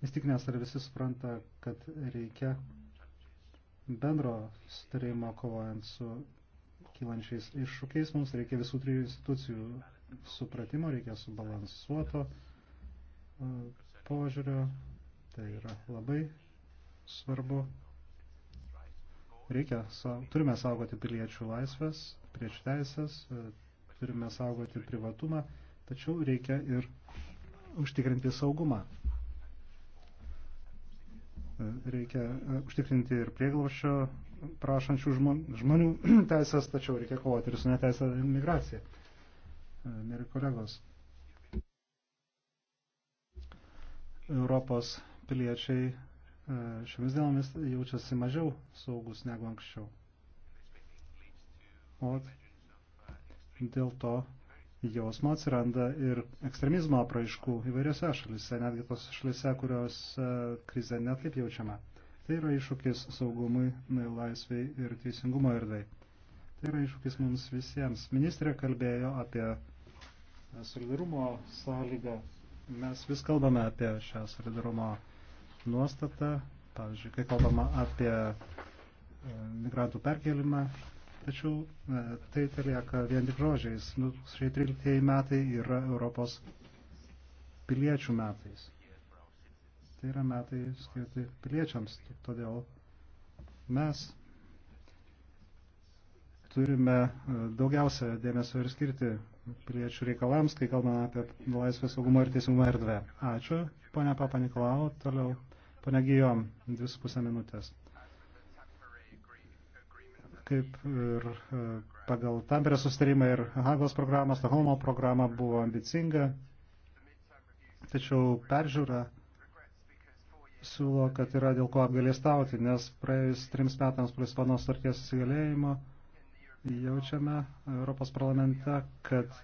vis tik nes ar visi supranta, kad reikia bendro sutarimo kovojant su kylančiais iššūkiais. Mums reikia visų trijų institucijų supratimo, reikia subalansuoto e, požiūrio. Tai yra labai svarbu. Reikia, turime saugoti piliečių laisvės, piliečių teisės, e, turime saugoti privatumą, tačiau reikia ir užtikrinti saugumą e, reikia užtikrinti ir prieglaušio prašančių žmonių teisės, tačiau reikia kovoti ir su neteisę migracija. E, mėly kolegos. Europos piliečiai e, šiomis dienomis jaučiasi mažiau saugus negu anksčiau. O dėl to jausmo atsiranda ir ekstremizmo apraiškų įvairiose šalise, netgi tos šalise, kurios e, krize netaip jaučiama. Tai yra iššūkis saugumui, laisvai ir teisingumo erdvai. Tai yra iššūkis mums visiems. Ministrė kalbėjo apie e, solidarumo sąlygą. Mes vis kalbame apie šią solidarumo nuostatą. Pavyzdžiui, kai kalbama apie e, migrantų perkelimą, tačiau e, tai lieka vien tik žodžiais. 2013 metai yra Europos piliečių metais. Tai yra metai skirti piliečiams. Todėl mes turime e, daugiausia dėmesio ir skirti piliečių reikalams, kai kalbame apie laisvę saugumo ir teisingumo erdvę. Ačiū, ponia Papa Nikolau, toliau ponia Gijom, dvi su pusę minutės. Kaip ir e, pagal Tamperė sustarimą ir Hagos programą, Stokholmo programą buvo ambicinga, tačiau peržiūra siūlo, kad yra dėl ko apgalėstauti, nes praėjus trims metams po Lisabonos sutarties įsigalėjimo jaučiame Europos parlamente, kad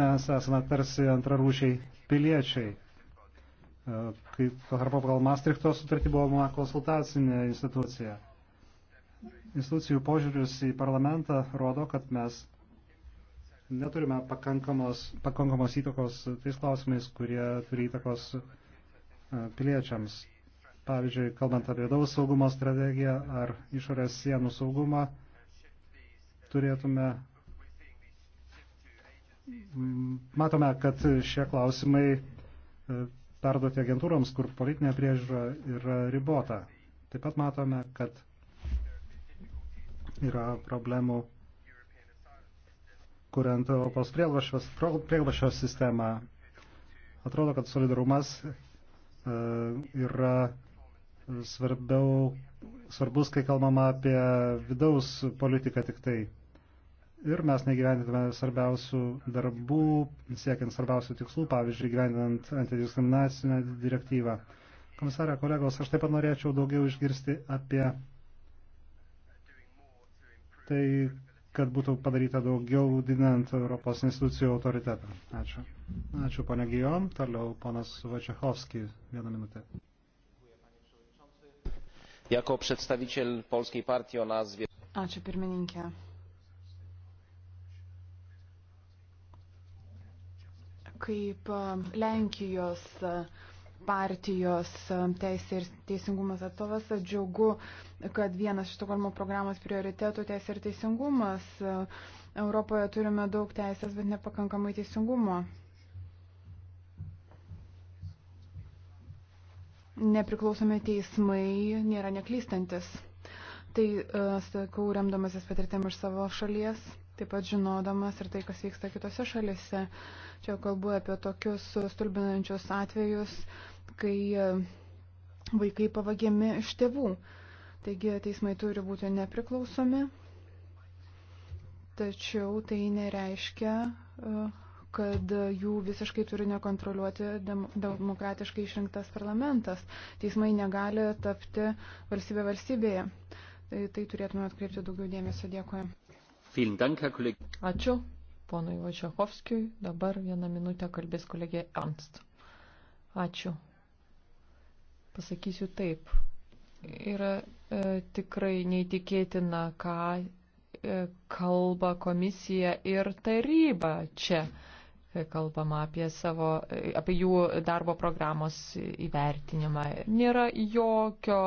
mes esame tarsi antrarūšiai piliečiai. E, kai arba pagal Maastrichto sutartį buvome konsultacinė institucija. Institucijų požiūris į parlamentą rodo, kad mes neturime pakankamos, pakankamos įtakos tais klausimais, kurie turi įtakos uh, E, piliečiams. Pavyzdžiui, kalbant apie daus saugumo strategiją ar išorės sienų saugumą, turėtume. Matome, kad šie klausimai e, perduoti agentūroms, kur politinė priežiūra yra ribota. Taip pat matome, kad yra problemų kuriant Europos prieglašio sistemą. Atrodo, kad solidarumas E, yra svarbiau, svarbus, kai kalbama apie vidaus politiką tik tai. Ir mes negyvendiname svarbiausių darbų, siekiant svarbiausių tikslų, pavyzdžiui, gyvendinant antidiskriminacinę direktyvą. Komisarė, kolegos, aš taip pat norėčiau daugiau išgirsti apie tai, kad būtų padaryta daugiau didinant Europos institucijų autoritetą. Ačiū. Ačiū, ponia Gijom. Toliau ponas Vačiachovski. Vieną minutę. Jako przedstawiciel Polskiej Partii o nazwie... Ačiū, pirmininkė. Kaip e, Lenkijos e, partijos e, teisė ir teisingumas atstovas, džiaugu kad vienas iš Stokholmo programos prioritetų teisė ir teisingumas. Europoje turime daug teisės, bet nepakankamai teisingumo. Nepriklausomi teismai nėra neklystantis. Tai e, sakau, remdamasis patirtim iš savo šalies taip pat žinodamas ir tai, kas vyksta kitose šalise. Čia kalbu apie tokius stulbinančius atvejus, kai e, vaikai pavagiami iš tėvų. Taigi teismai turi būti nepriklausomi, tačiau tai nereiškia, e, kad jų visiškai turi nekontroliuoti demokratiškai išrinktas parlamentas. Teismai negali tapti valstybė valstybėje. Tai, tai turėtume atkreipti daugiau dėmesio. Dėkuoju. Ačiū ponui Vačiachovskijui. Dabar vieną minutę kalbės kolegė Ernst. Ačiū. Pasakysiu taip. Yra E, tikrai neįtikėtina, ką e, kalba komisija ir taryba čia. Kalbama apie, savo, e, apie jų darbo programos įvertinimą. Nėra jokio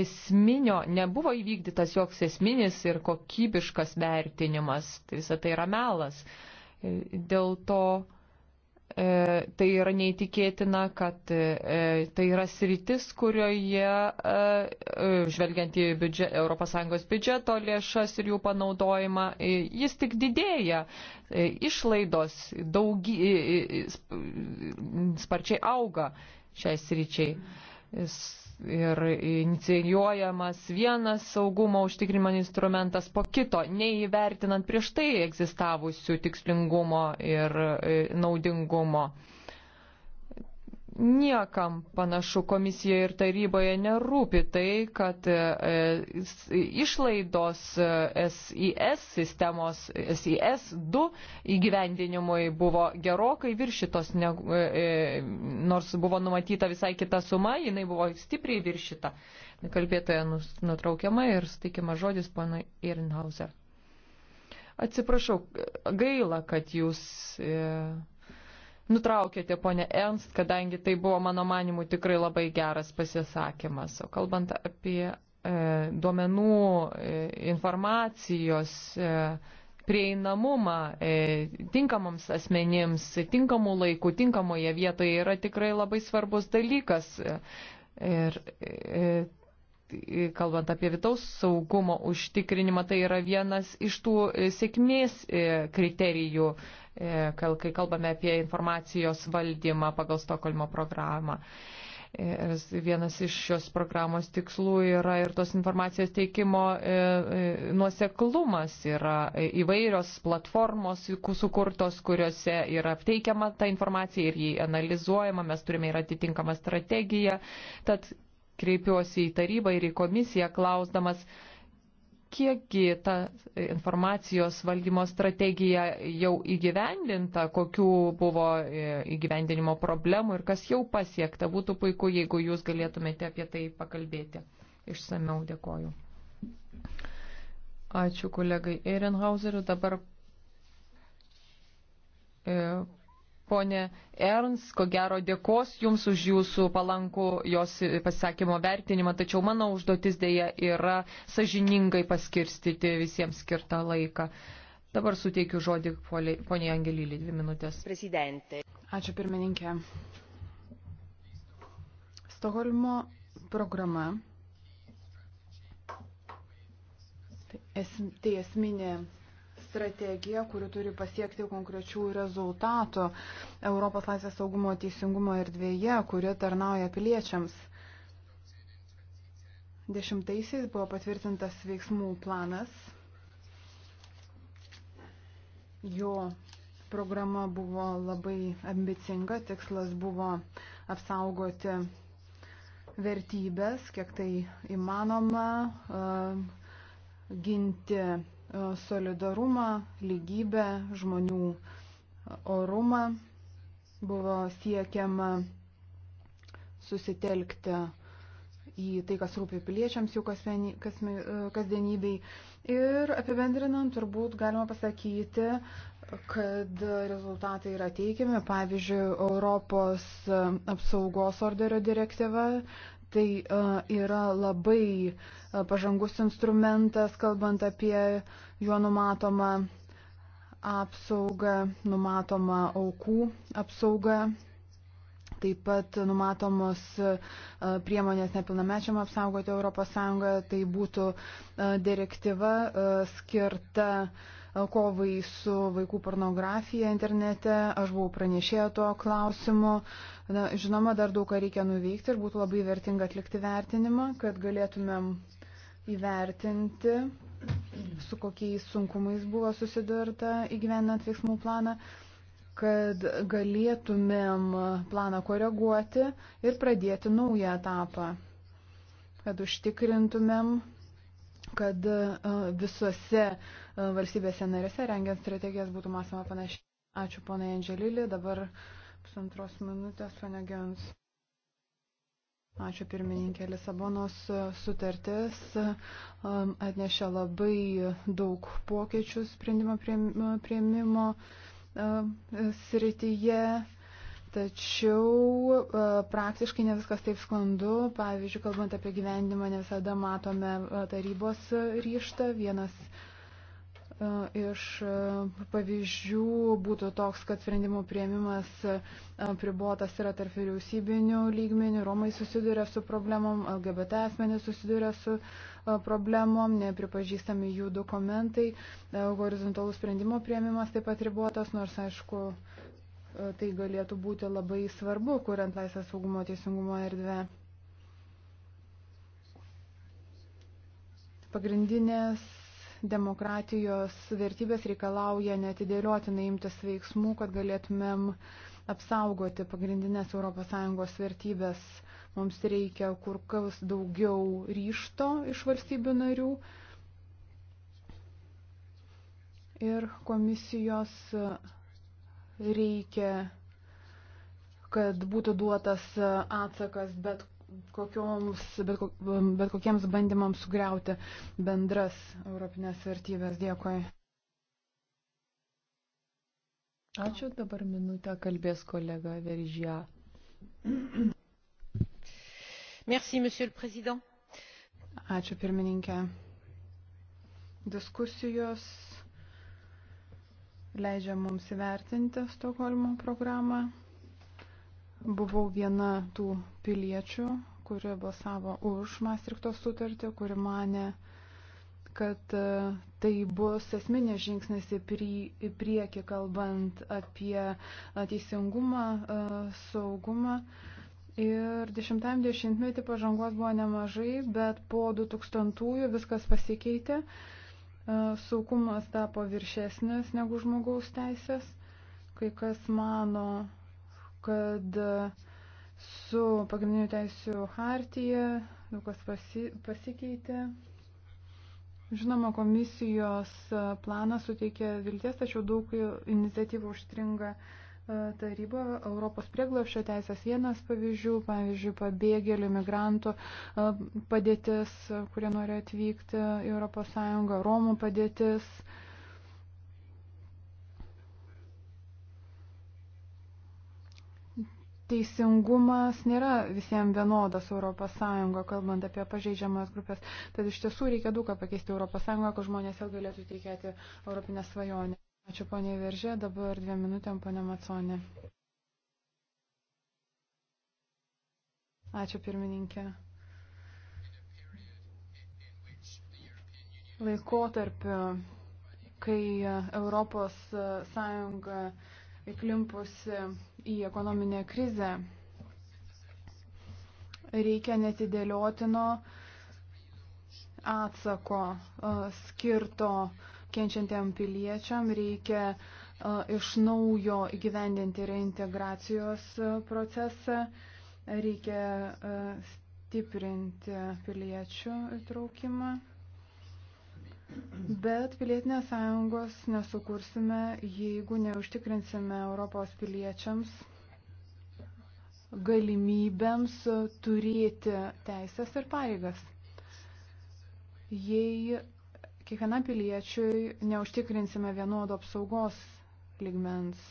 esminio, nebuvo įvykdytas joks esminis ir kokybiškas vertinimas. Tai visą tai yra melas. Dėl to E, tai yra neįtikėtina, kad e, tai yra sritis, kurioje, e, žvelgiant į biudžet, ES biudžeto lėšas ir jų panaudojimą, jis tik didėja. Išlaidos daugy, sparčiai auga šiai sričiai. Mm ir inicijuojamas vienas saugumo užtikrimo instrumentas po kito, neįvertinant prieš tai egzistavusių tikslingumo ir e, naudingumo niekam panašu komisijoje ir taryboje nerūpi tai, kad e, išlaidos SIS e, sistemos SIS 2 įgyvendinimui buvo gerokai viršytos, e, nors buvo numatyta visai kita suma, jinai buvo stipriai viršyta. Kalbėtoja nutraukiama ir sutikima žodis pana Irnhauser. Atsiprašau, gaila, kad jūs. E, nutraukėte, ponė Ernst, kadangi tai buvo mano manimu tikrai labai geras pasisakymas. O kalbant apie e, duomenų e, informacijos e, prieinamumą e, tinkamams asmenims, tinkamų laikų, tinkamoje vietoje yra tikrai labai svarbus dalykas. E, ir, e, e, kalbant apie vidaus saugumo užtikrinimą, tai yra vienas iš tų e, sėkmės kriterijų E, kai kalbame apie informacijos valdymą pagal Stokholmo programą. E, vienas iš šios programos tikslų yra ir tos informacijos teikimo e, nuoseklumas, yra įvairios platformos sukurtos, kuriuose yra teikiama ta informacija ir jį analizuojama, mes turime ir atitinkamą strategiją. Tad kreipiuosi į tarybą ir į komisiją klausdamas, kiekgi ta informacijos valdymo strategija jau įgyvendinta, kokių buvo e, įgyvendinimo problemų ir kas jau pasiekta. Būtų puiku, jeigu jūs galėtumėte apie tai pakalbėti. Išsameu dėkoju. Ačiū kolegai Ehrenhauseriu. Dabar e, Pone Erns, ko gero dėkos Jums už Jūsų palankų jos pasisakymo vertinimą, tačiau mano užduotis dėja yra sažiningai paskirstyti visiems skirtą laiką. Dabar suteikiu žodį poniai Angelylį, dvi minutės. Prezidentė. Ačiū pirmininkė. Stokholmo programa. Tai, es, tai esminė strategija, kuri turi pasiekti konkrečių rezultatų Europos laisvės saugumo teisingumo erdvėje, kuri tarnauja piliečiams. Dešimtaisiais buvo patvirtintas veiksmų planas. Jo programa buvo labai ambicinga, tikslas buvo apsaugoti vertybės, kiek tai įmanoma, ginti E, solidarumą, lygybę, žmonių orumą. Buvo siekiama susitelkti į tai, kas rūpi piliečiams jų e, kasdienybei. Ir apibendrinant, turbūt galima pasakyti, kad rezultatai yra teikiami. Pavyzdžiui, Europos apsaugos orderio direktyva Tai yra labai pažangus instrumentas, kalbant apie juo numatomą apsaugą, numatomą aukų apsaugą. Taip pat numatomos priemonės nepilnamečiam apsaugoti ES, tai būtų direktyva skirta kovai su vaikų pornografija internete. Aš buvau pranešėję tuo klausimu. Na, žinoma, dar daug ką reikia nuveikti ir būtų labai vertinga atlikti vertinimą, kad galėtumėm įvertinti, su kokiais sunkumais buvo susidurta įgyvenant veiksmų planą kad galėtumėm planą koreguoti ir pradėti naują etapą, kad užtikrintumėm, kad visose E, valstybėse narėse, rengiant strategijas būtų masama panašiai. Ačiū ponai Angelilį, dabar pusantros minutės, ponė Gens. Ačiū pirmininkė. Lisabonos sutartis e, atnešė labai daug pokyčių sprendimo prieimimo e, srityje. Tačiau praktiškai ne viskas taip sklandu. Pavyzdžiui, kalbant apie gyvendimą, ne visada matome tarybos ryštą. Vienas iš pavyzdžių būtų toks, kad sprendimų prieimimas pribuotas yra tarp vyriausybinių lygmenių, Romai susiduria su problemom, LGBT asmenys susiduria su problemom, nepripažįstami jų dokumentai, horizontalų sprendimų prieimimas taip pat ribotas, nors aišku, tai galėtų būti labai svarbu, kuriant laisvę saugumo teisingumo erdvę. Pagrindinės demokratijos vertybės reikalauja netidėliotinai imtis veiksmų, kad galėtumėm apsaugoti pagrindinės ES vertybės. Mums reikia kur kas daugiau ryšto iš valstybių narių. Ir komisijos reikia, kad būtų duotas atsakas bet kokioms, bet, kok, bet kokiems bandymams sugriauti bendras europinės vertybės. Dėkui. Ačiū, dabar minutę kalbės kolega Veržia. Merci, monsieur le président. Ačiū, pirmininkė. Diskusijos leidžia mums įvertinti Stokholmo programą. Buvau viena tų piliečių, kuri balsavo už Maastrichto sutartį, kuri mane, kad e, tai bus esminės žingsnis į priekį, kalbant apie e, teisingumą, e, saugumą. Ir 10-metį pažangos buvo nemažai, bet po 2000-ųjų viskas pasikeitė. Saugumas tapo viršesnis negu žmogaus teisės. Kai kas mano, kad e, su pagrindinių teisų hartyje daug kas pasi, pasikeitė. Žinoma, komisijos e, planas suteikė vilties, tačiau daug iniciatyvų užstringa e, taryba Europos prieglapšio teisės vienas pavyzdžių, pavyzdžiui, pabėgėlių, migrantų padėtis, kurie nori atvykti į ES, Romų padėtis. teisingumas nėra visiems vienodas ES, kalbant apie pažeidžiamas grupės. Tad iš tiesų reikia daug ką pakeisti ES, kad žmonės vėl galėtų tikėti Europinę svajonę. Ačiū ponė Veržė, dabar dviem minutėm ponė Maconė. Ačiū pirmininkė. Laikotarpiu, kai Europos Sąjunga įklimpusi į ekonominę krizę. Reikia netidėliotino atsako e, skirto kenčiantiem piliečiam, reikia e, iš naujo įgyvendinti reintegracijos e, procesą, reikia stiprinti piliečių įtraukimą. Bet pilietinės sąjungos nesukursime, jeigu neužtikrinsime Europos piliečiams galimybėms turėti teisės ir pareigas. Jei kiekvienam piliečiui neužtikrinsime vienodo apsaugos ligmens,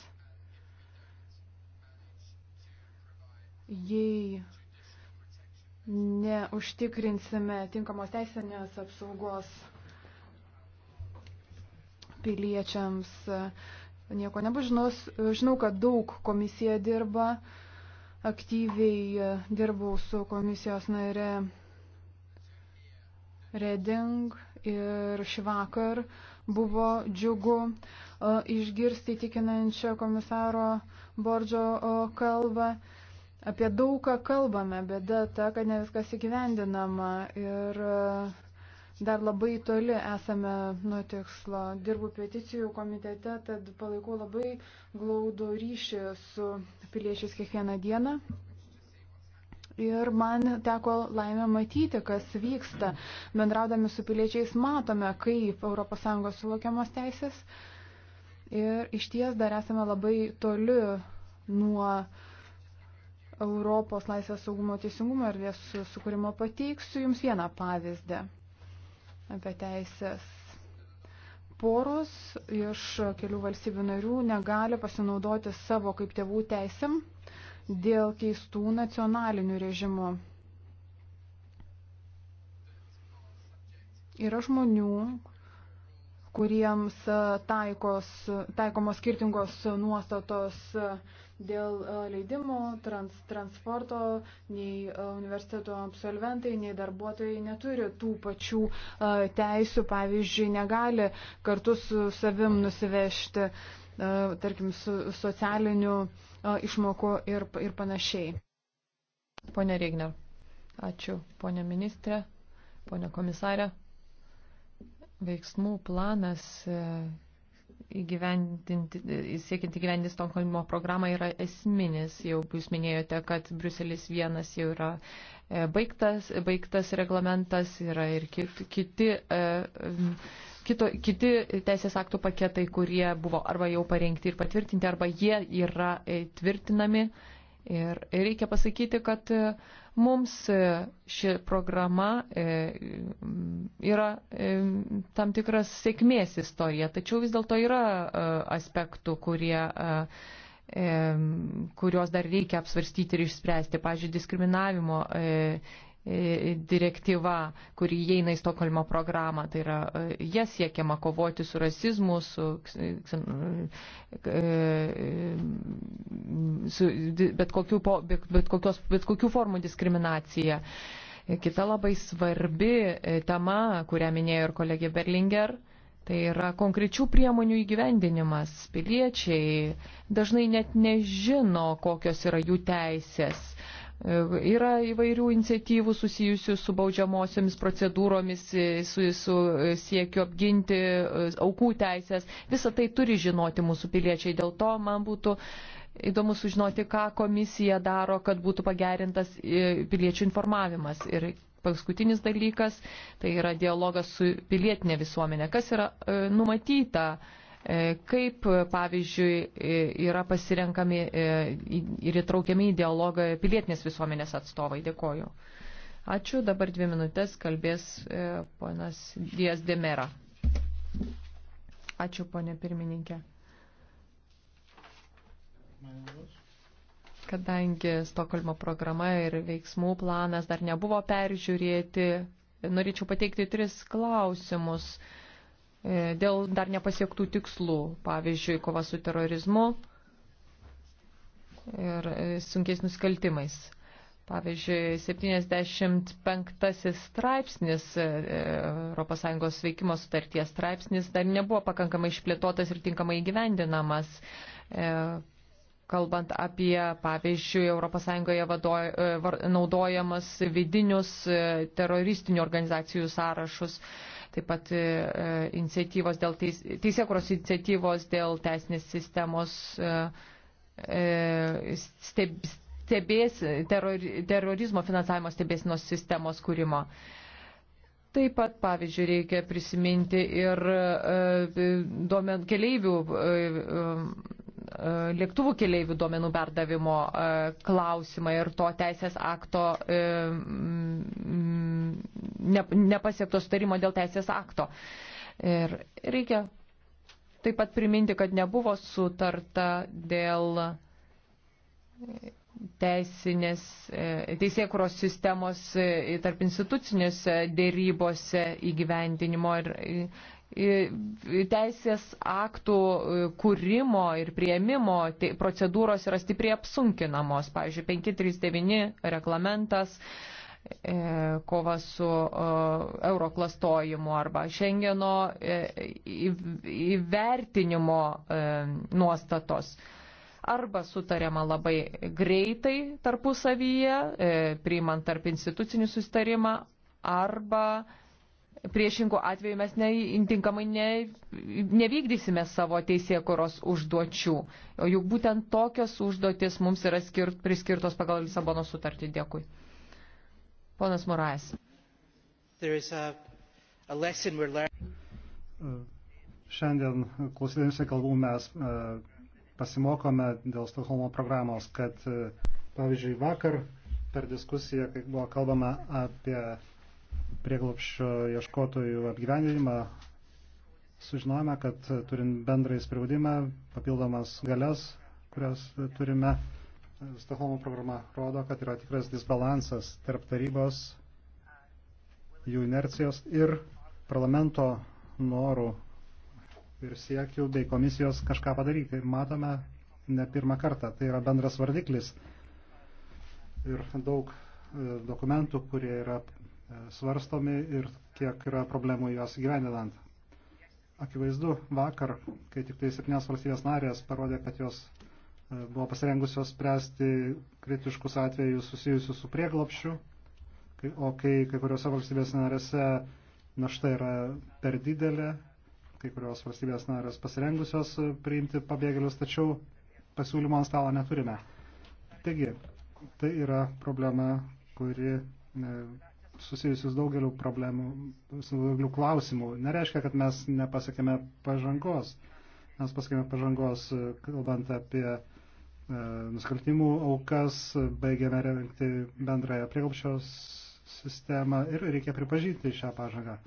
jei neužtikrinsime tinkamos teisinės apsaugos piliečiams nieko nebus. Žinau, kad daug komisija dirba, aktyviai dirbau su komisijos nare Reding ir šį vakar buvo džiugu e, išgirsti tikinančią komisaro Bordžio e, kalbą. Apie daugą kalbame, bėda ta, kad ne viskas įgyvendinama ir e, dar labai toli esame nuo tikslo. Dirbu peticijų komitete, tad palaikau labai glaudų ryšį su piliečiais kiekvieną dieną. Ir man teko laimę matyti, kas vyksta. Bendraudami su piliečiais matome, kaip ES suvokiamos teisės. Ir iš ties dar esame labai toli nuo Europos laisvės saugumo teisingumo ir vės sukūrimo pateiksiu Jums vieną pavyzdį apie teisės. Poros iš kelių valstybių narių negali pasinaudoti savo kaip tėvų teisėm dėl keistų nacionalinių režimų. Yra žmonių, kuriems taikos, taikomos skirtingos nuostatos dėl e, leidimų trans, transporto, nei e, universiteto absolventai, nei darbuotojai neturi tų pačių e, teisių, pavyzdžiui, negali kartu su savim nusivežti, tarkim, su socialiniu išmoku ir, ir panašiai. Pone Regner, ačiū, pone ministrė, pone komisarė. Veiksmų planas įgyvendinti, siekiant įgyvendinti Stokholmo programą yra esminis. Jau jūs minėjote, kad Bruselis vienas jau yra e, baigtas, baigtas reglamentas, yra ir kiti, e, kito, kiti teisės aktų paketai, kurie buvo arba jau parengti ir patvirtinti, arba jie yra e, tvirtinami. Ir reikia pasakyti, kad uh, Mums e, ši programa e, yra e, tam tikras sėkmės istorija, tačiau vis dėlto yra aspektų, kurie, kuriuos dar reikia apsvarstyti ir išspręsti. Pavyzdžiui, diskriminavimo E, direktyva, kuri įeina į Stokholmo programą. Tai yra, jie siekiama kovoti su rasizmu, su, e, e, su bet, kokių, bet, bet, kokios, bet kokių formų diskriminacija. Kita labai svarbi tema, kurią minėjo ir kolegė Berlinger, Tai yra konkrečių priemonių įgyvendinimas. Piliečiai dažnai net nežino, kokios yra jų teisės. Yra įvairių iniciatyvų susijusių su baudžiamosiomis procedūromis, su, su siekiu apginti e, aukų teisės. Visą tai turi žinoti mūsų piliečiai. Dėl to man būtų įdomu sužinoti, ką komisija daro, kad būtų pagerintas e, piliečių informavimas. Ir paskutinis dalykas, tai yra dialogas su pilietinė visuomenė. Kas yra e, numatyta? E, kaip, pavyzdžiui, e, yra pasirenkami e, ir įtraukiami į dialogą pilietinės visuomenės atstovai? Dėkoju. Ačiū, dabar dvi minutės kalbės ponas Dijas Demera. Ačiū, ponė pirmininkė. Kadangi Stokholmo programa ir veiksmų planas dar nebuvo peržiūrėti, norėčiau pateikti tris klausimus. Uh, E, dėl dar nepasiektų tikslų, pavyzdžiui, kova su terorizmu ir e, sunkiais nusikaltimais. Pavyzdžiui, 75 straipsnis, ES veikimo sutarties straipsnis, dar nebuvo pakankamai išplėtotas ir tinkamai įgyvendinamas. E, kalbant apie, pavyzdžiui, ES naudojamas vidinius teroristinių organizacijų sąrašus taip pat e, iniciatyvos dėl teis, teisėkuros iniciatyvos dėl teisinės sistemos e, e, stebės, teror, terorizmo finansavimo stebėsinos sistemos kūrimo. Taip pat, pavyzdžiui, reikia prisiminti ir duomen, keleivių E, lėktuvų keliaivių duomenų perdavimo e, klausimą ir to teisės akto e, nepasiekto sutarimo dėl teisės akto. Ir reikia taip pat priminti, kad nebuvo sutarta dėl teisinės, teisėkuros sistemos tarp institucinėse dėrybose įgyvendinimo ir teisės aktų e, kūrimo ir prieimimo procedūros yra stipriai apsunkinamos. Pavyzdžiui, 539 reglamentas e, kova su e, euroklastojimu arba Šengeno įvertinimo nuostatos arba sutariama labai greitai tarpusavyje, priimant tarp institucinį sustarimą, arba Priešingų atveju mes netinkamai ne, nevykdysime savo teisėkuros užduočių. O juk būtent tokios užduotis mums yra skirt, priskirtos pagal Lisabono sutartį. Dėkui. Ponas Morais. Uh, šiandien klausydėmėsi kalbų mes uh, pasimokome dėl Stokholmo programos, kad uh, pavyzdžiui vakar per diskusiją, kai buvo kalbama apie prieglopščio ieškotojų apgyvendinimą, sužinojame, kad turint bendrai spaudimą, papildomas galias, kurias turime, Stokholmo programa rodo, kad yra tikras disbalansas tarp tarybos, jų inercijos ir parlamento norų ir siekių bei komisijos kažką padaryti. Matome ne pirmą kartą, tai yra bendras vardiklis ir daug e, dokumentų, kurie yra E, svarstomi ir kiek yra problemų juos gyvendinant. Akivaizdu, vakar, kai tik tai septynios valstybės narės parodė, kad jos e, buvo pasirengusios spręsti kritiškus atvejus susijusius su prieglopšiu, o kai kai kuriuose valstybės narėse našta yra per didelė, kai kurios valstybės narės pasirengusios priimti pabėgėlius, tačiau pasiūlymo ant stalo neturime. Taigi, tai yra problema, kuri e, susijusius daugeliu problemų, su daugeliu klausimų. Nereiškia, kad mes nepasakėme pažangos. Mes pasakėme pažangos, e, kalbant apie e, nusikaltimų aukas, baigėme rengti bendrąją prieglapščios sistemą ir reikia pripažinti šią pažangą.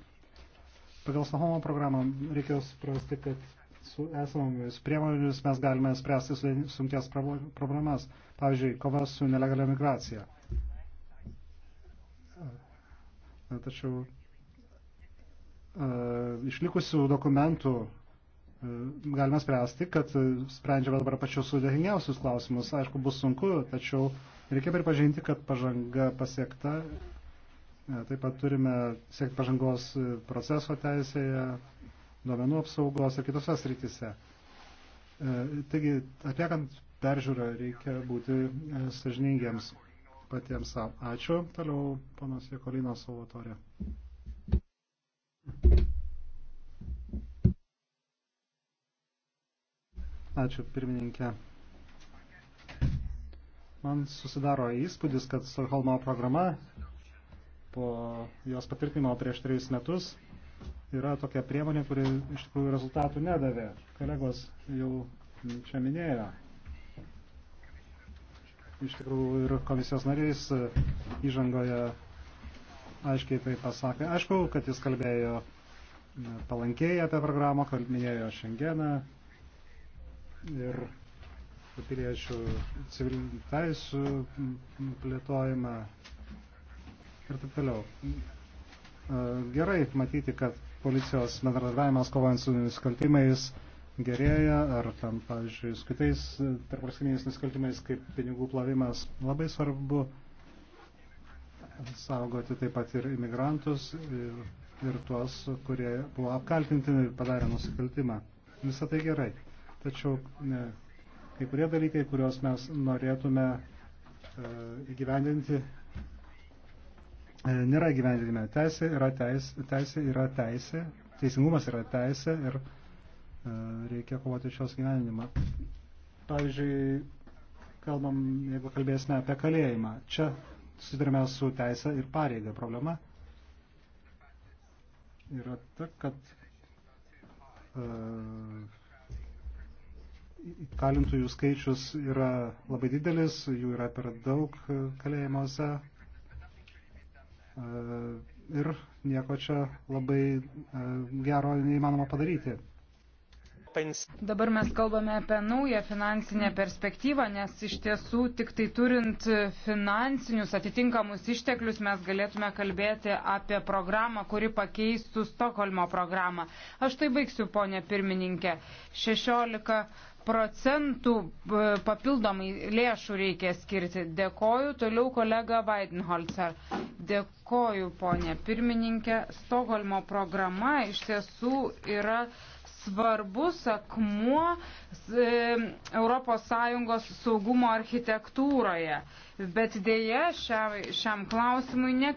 Pagal Stohomo programą reikia suprasti, kad su esamomis priemonėmis mes galime spręsti sunkias problemas, pavyzdžiui, kova su nelegalia migracija. Tačiau išlikusių dokumentų galima spręsti, kad sprendžiame dabar pačius sudėtingiausius klausimus. Aišku, bus sunku, tačiau reikia pripažinti, kad pažanga pasiekta. Taip pat turime siekti pažangos proceso teisėje, duomenų apsaugos ir kitose srityse. Taigi, atliekant peržiūrą, reikia būti sažiningiems patiems savo. Ačiū. Toliau panas Jekolino Salvatorė. Ačiū pirmininkė. Man susidaro įspūdis, kad Stokholmo programa po jos patvirtinimo prieš trejus metus yra tokia priemonė, kuri iš tikrųjų rezultatų nedavė. Kolegos jau čia minėjo iš tikrųjų ir komisijos narys e, įžangoje aiškiai tai pasakė. Aišku, kad jis kalbėjo palankiai apie programą, kalbėjo šiandieną ir piliečių civilinių teisų plėtojimą ir taip toliau. E, gerai matyti, kad policijos bendradarbiavimas kovojant su nusikaltimais gerėja, ar tam, pavyzdžiui, su kitais e, tarpvalstybiniais nusikaltimais, kaip pinigų plovimas, labai svarbu saugoti taip pat ir imigrantus, ir, ir tuos, kurie buvo apkaltinti ir padarė nusikaltimą. Visą tai gerai. Tačiau ne, kai kurie dalykai, kuriuos mes norėtume e, įgyvendinti, e, nėra įgyvendinime. Teisė yra teisė, teisė yra teisė, teisingumas yra teisė ir teisė E, reikia kovoti šios gyvenimą. Pavyzdžiui, kalbam, jeigu kalbėsime apie kalėjimą, čia susidurime su teisė ir pareiga problema. Yra ta, kad uh, e, kalintųjų skaičius yra labai didelis, jų yra per daug kalėjimuose. Uh, ir nieko čia labai uh, gero neįmanoma padaryti. Dabar mes kalbame apie naują finansinę perspektyvą, nes iš tiesų tik tai turint finansinius atitinkamus išteklius mes galėtume kalbėti apie programą, kuri pakeistų Stokholmo programą. Aš tai baigsiu, ponė pirmininkė. 16 procentų e, papildomai lėšų reikia skirti. Dėkoju toliau kolega Weidenholzer. Dėkoju, ponė pirmininkė. Stokholmo programa iš tiesų yra svarbus akmuo ES saugumo architektūroje. Bet dėja šiam, šiam klausimui ne,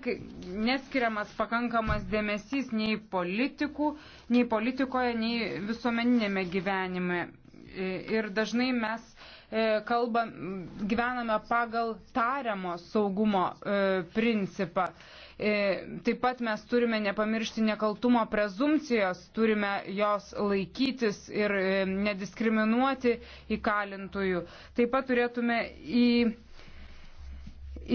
neskiriamas pakankamas dėmesys nei, politikų, nei politikoje, nei visuomeninėme gyvenime. E, ir dažnai mes e, kalbam, gyvename pagal tariamo saugumo e, principą. E, taip pat mes turime nepamiršti nekaltumo prezumcijos, turime jos laikytis ir e, nediskriminuoti įkalintųjų. Taip pat turėtume į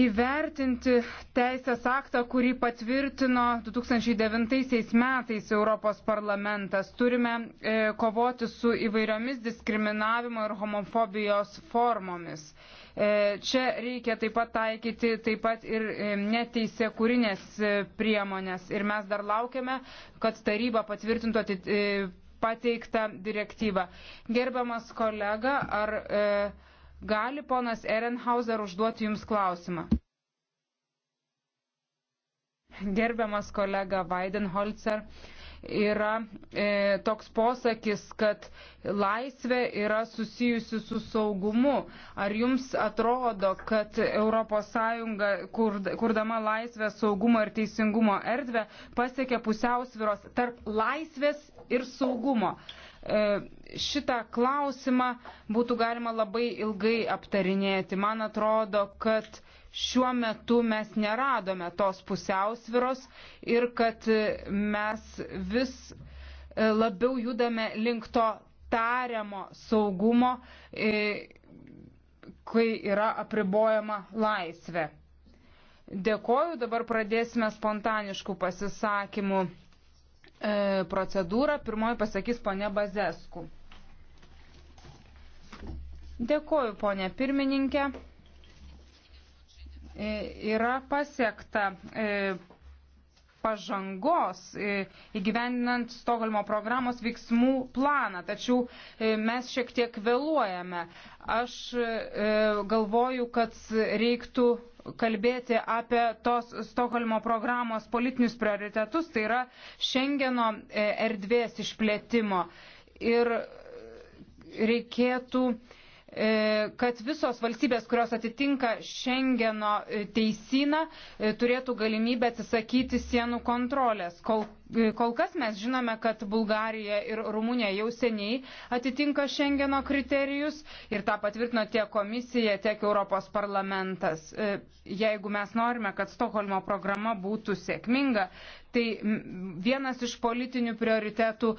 įvertinti teisės aktą, kurį patvirtino 2009 metais Europos parlamentas. Turime e, kovoti su įvairiomis diskriminavimo ir homofobijos formomis. E, E, čia reikia taip pat taikyti taip pat ir e, neteisė kūrinės e, priemonės. Ir mes dar laukiame, kad taryba patvirtintų pateiktą direktyvą. Gerbiamas kolega, ar e, gali ponas Ehrenhauser užduoti Jums klausimą? Gerbiamas kolega Weidenholzer. E, yra e, toks posakis, kad laisvė yra susijusi su saugumu. Ar jums atrodo, kad ES, kur, kurdama laisvę, saugumo ir teisingumo erdvę, pasiekė pusiausviros tarp laisvės ir saugumo? E, šitą klausimą būtų galima labai ilgai aptarinėti. Man atrodo, kad šiuo metu mes neradome tos pusiausviros ir kad mes vis e, labiau judame link to tariamo saugumo, e, kai yra apribojama laisvė. Dėkoju, dabar pradėsime spontaniškų pasisakymų e, procedūrą. Pirmoji pasakys ponė Bazesku. Dėkoju, ponė pirmininkė. E, yra pasiekta e, pažangos e, įgyvendinant Stokholmo programos veiksmų planą, tačiau mes šiek tiek vėluojame. Aš galvoju, kad reiktų kalbėti apie tos Stokholmo programos politinius prioritetus, tai yra Šengeno erdvės išplėtimo. Ir reikėtų e, E, kad visos valstybės, kurios atitinka Šengeno e, teisiną, e, turėtų galimybę atsisakyti sienų kontrolės. Kol Kol kas mes žinome, kad Bulgarija ir Rumunija jau seniai atitinka Šengeno kriterijus ir tą patvirtino tiek komisija, tiek Europos parlamentas. E, jeigu mes norime, kad Stokholmo programa būtų sėkminga, tai vienas iš politinių prioritetų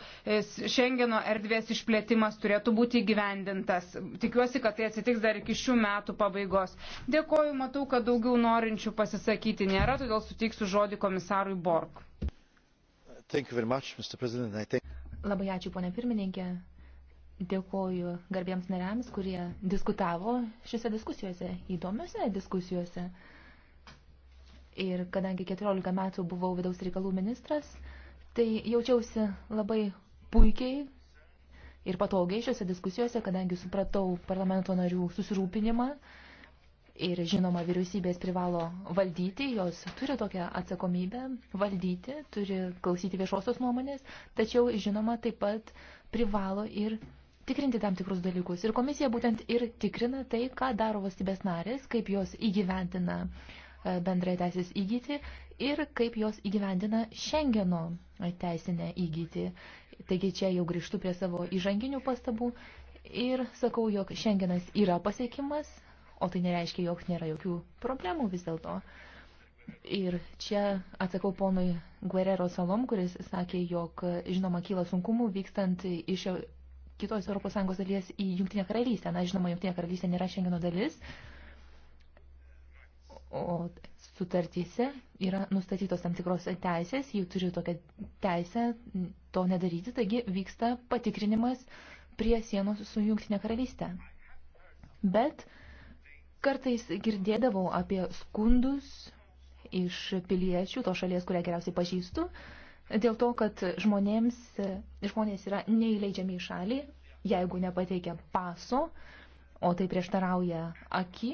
Šengeno e, erdvės išplėtimas turėtų būti įgyvendintas. Tikiuosi, kad tai atsitiks dar iki šių metų pabaigos. Dėkoju, matau, kad daugiau norinčių pasisakyti nėra, todėl suteiksiu žodį komisarui Borg. Much, think... Labai ačiū, ponė pirmininkė. Dėkoju garbiems nariams, kurie diskutavo šiuose diskusijose, įdomiose diskusijose. Ir kadangi 14 metų buvau vidaus reikalų ministras, tai jaučiausi labai puikiai ir patogiai šiuose diskusijose, kadangi supratau parlamento narių susirūpinimą Ir žinoma, vyriausybės privalo valdyti, jos turi tokią atsakomybę valdyti, turi klausyti viešosios nuomonės, tačiau žinoma, taip pat privalo ir tikrinti tam tikrus dalykus. Ir komisija būtent ir tikrina tai, ką daro valstybės narės, kaip jos įgyventina e, bendrąją teisės įgyti ir kaip jos įgyvendina Šengeno teisinę įgyti. Taigi čia jau grįžtu prie savo įžanginių pastabų ir sakau, jog Šengenas yra pasiekimas, O tai nereiškia, jog nėra jokių problemų vis dėlto. Ir čia atsakau ponui Guerrero Salom, kuris sakė, jog žinoma kyla sunkumų vykstant iš e, kitos ES dalies į Jungtinę karalystę. Na, žinoma, Jungtinė karalystė nėra Šengeno dalis, o sutartyse yra nustatytos tam tikros teisės, jų turi tokią teisę to nedaryti, taigi vyksta patikrinimas prie sienos su Jungtinė karalystė. Bet uh, Kartais girdėdavau apie skundus iš piliečių, to šalies, kurią geriausiai pažįstu, dėl to, kad žmonėms, žmonės yra neįleidžiami į šalį, jeigu nepateikia paso, o tai prieštarauja aki.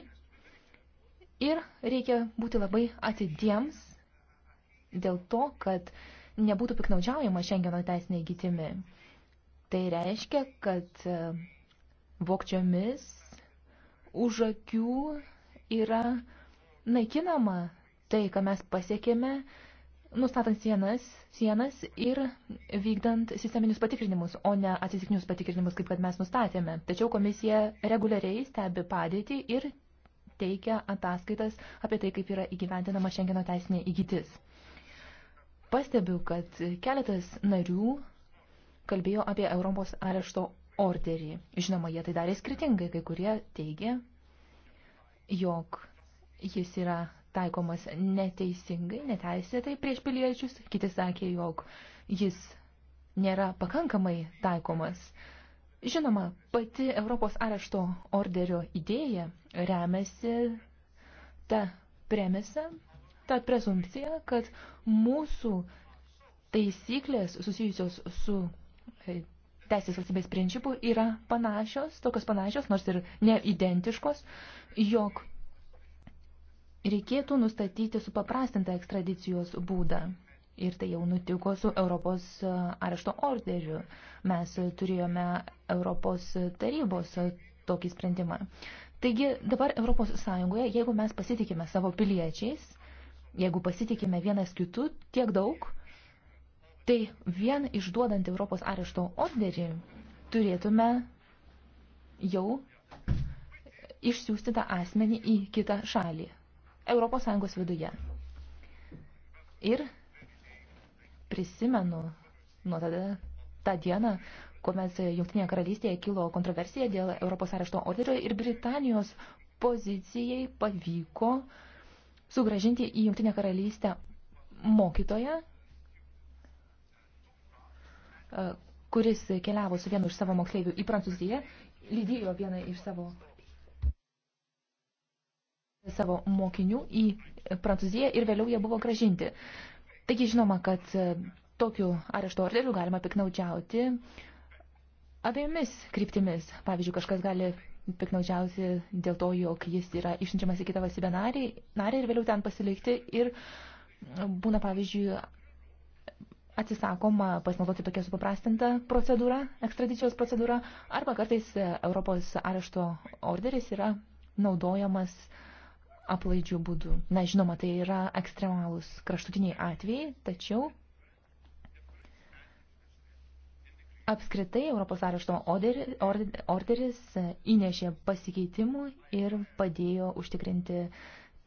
Ir reikia būti labai atidiems dėl to, kad nebūtų piknaudžiaujama Šengeno teisinė gytimi. Tai reiškia, kad vokčiomis už akių yra naikinama tai, ką mes pasiekėme, nustatant sienas, sienas ir vykdant sisteminius patikrinimus, o ne atsitiktinius patikrinimus, kaip kad mes nustatėme. Tačiau komisija reguliariai stebi padėtį ir teikia ataskaitas apie tai, kaip yra įgyventinama Šengeno teisinė įgytis. Pastebiu, kad keletas narių kalbėjo apie Europos arešto orderį. Žinoma, jie tai darė skirtingai, kai kurie teigė, jog jis yra taikomas neteisingai, neteisėtai prieš piliečius, kiti sakė, jog jis nėra pakankamai taikomas. Žinoma, pati Europos arešto orderio idėja remiasi ta premisa, ta presumpcija, kad mūsų taisyklės susijusios su teisės valstybės principų yra panašios, tokios panašios, nors ir neidentiškos, jog reikėtų nustatyti supaprastintą ekstradicijos būdą. Ir tai jau nutiko su Europos e, arešto orderiu. Mes turėjome Europos tarybos tokį sprendimą. Taigi dabar Europos Sąjungoje, jeigu mes pasitikime savo piliečiais, jeigu pasitikime vienas kitu tiek daug, Tai vien išduodant Europos arešto orderį turėtume jau išsiųsti tą asmenį į kitą šalį, Europos Sąjungos viduje. Ir prisimenu nuo tada tą dieną, kuomet Jungtinėje karalystėje kilo kontroversija dėl Europos arešto orderio ir Britanijos pozicijai pavyko sugražinti į Jungtinę karalystę mokytoją, E, kuris keliavo su vienu iš savo moksleivių į Prancūziją, lydėjo vieną iš savo savo mokinių į Prancūziją ir vėliau jie buvo gražinti. Taigi žinoma, kad e, tokiu arešto orderiu galima piknaudžiauti abiejomis kryptimis. Pavyzdžiui, kažkas gali piknaudžiauti dėl to, jog jis yra išsiunčiamas į kitą valstybę narį, narį ir vėliau ten pasilikti ir būna, pavyzdžiui, atsisakoma pasinaudoti tokia supaprastinta procedūra, ekstradicijos procedūra, arba kartais Europos arešto orderis yra naudojamas aplaidžių būdų. Na, žinoma, tai yra ekstremalūs kraštutiniai atvejai, tačiau apskritai Europos arešto orderis, orderis įnešė pasikeitimų ir padėjo užtikrinti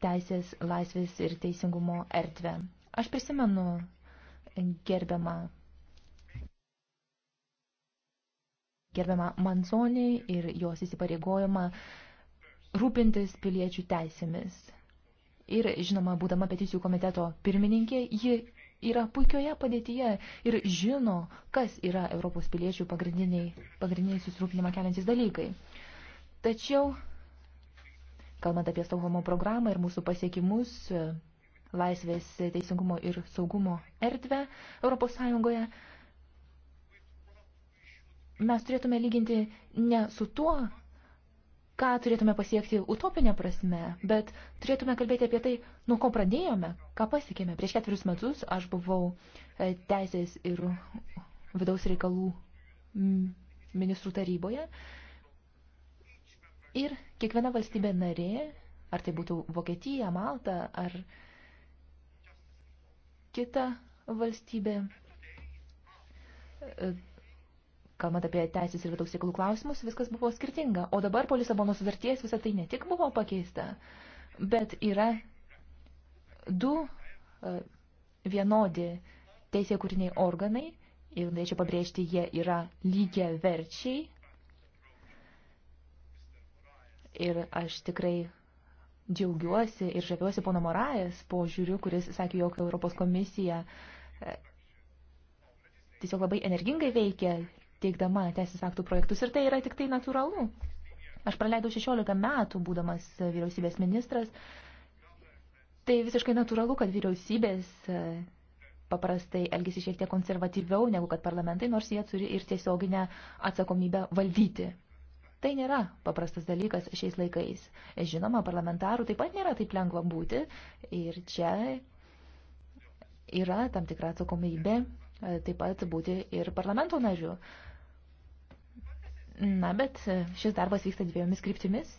teisės, laisvės ir teisingumo erdvę. Aš prisimenu gerbiama, gerbiama Manzonį ir jos įsipareigojimą rūpintis piliečių teisėmis. Ir, žinoma, būdama peticijų komiteto pirmininkė, ji yra puikioje padėtyje ir žino, kas yra Europos piliečių pagrindiniai, pagrindiniai susirūpinimą keliantis dalykai. Tačiau, kalbant apie Stokholmo programą ir mūsų pasiekimus, laisvės, teisingumo ir saugumo erdvę Europos Sąjungoje, mes turėtume lyginti ne su tuo, ką turėtume pasiekti utopinė prasme, bet turėtume kalbėti apie tai, nuo ko pradėjome, ką pasiekėme. Prieš ketverius metus aš buvau e, teisės ir vidaus reikalų ministrų taryboje ir kiekviena valstybė narė, ar tai būtų Vokietija, Malta ar kitą valstybę. E, kalbant apie teisės ir vidaus reikalų klausimus, viskas buvo skirtinga. O dabar po Lisabono sutarties visą tai ne tik buvo pakeista, bet yra du e, vienodi teisė kūriniai organai ir norėčiau pabrėžti, jie yra lygia verčiai. Ir aš tikrai džiaugiuosi ir žaviuosi pono Morajas požiūriu, kuris sakė, jog Europos komisija e, tiesiog labai energingai veikia, teikdama teisės aktų projektus ir tai yra tik tai natūralu. Aš praleidau 16 metų, būdamas vyriausybės ministras. Tai visiškai natūralu, kad vyriausybės e, paprastai elgesi šiek tiek konservatyviau negu kad parlamentai, nors jie turi ir tiesioginę atsakomybę valdyti Tai nėra paprastas dalykas šiais laikais. Žinoma, parlamentarų taip pat nėra taip lengva būti ir čia yra tam tikra atsakomybė e, taip pat būti ir parlamento nariu. Na, bet e, šis darbas vyksta dviejomis kryptimis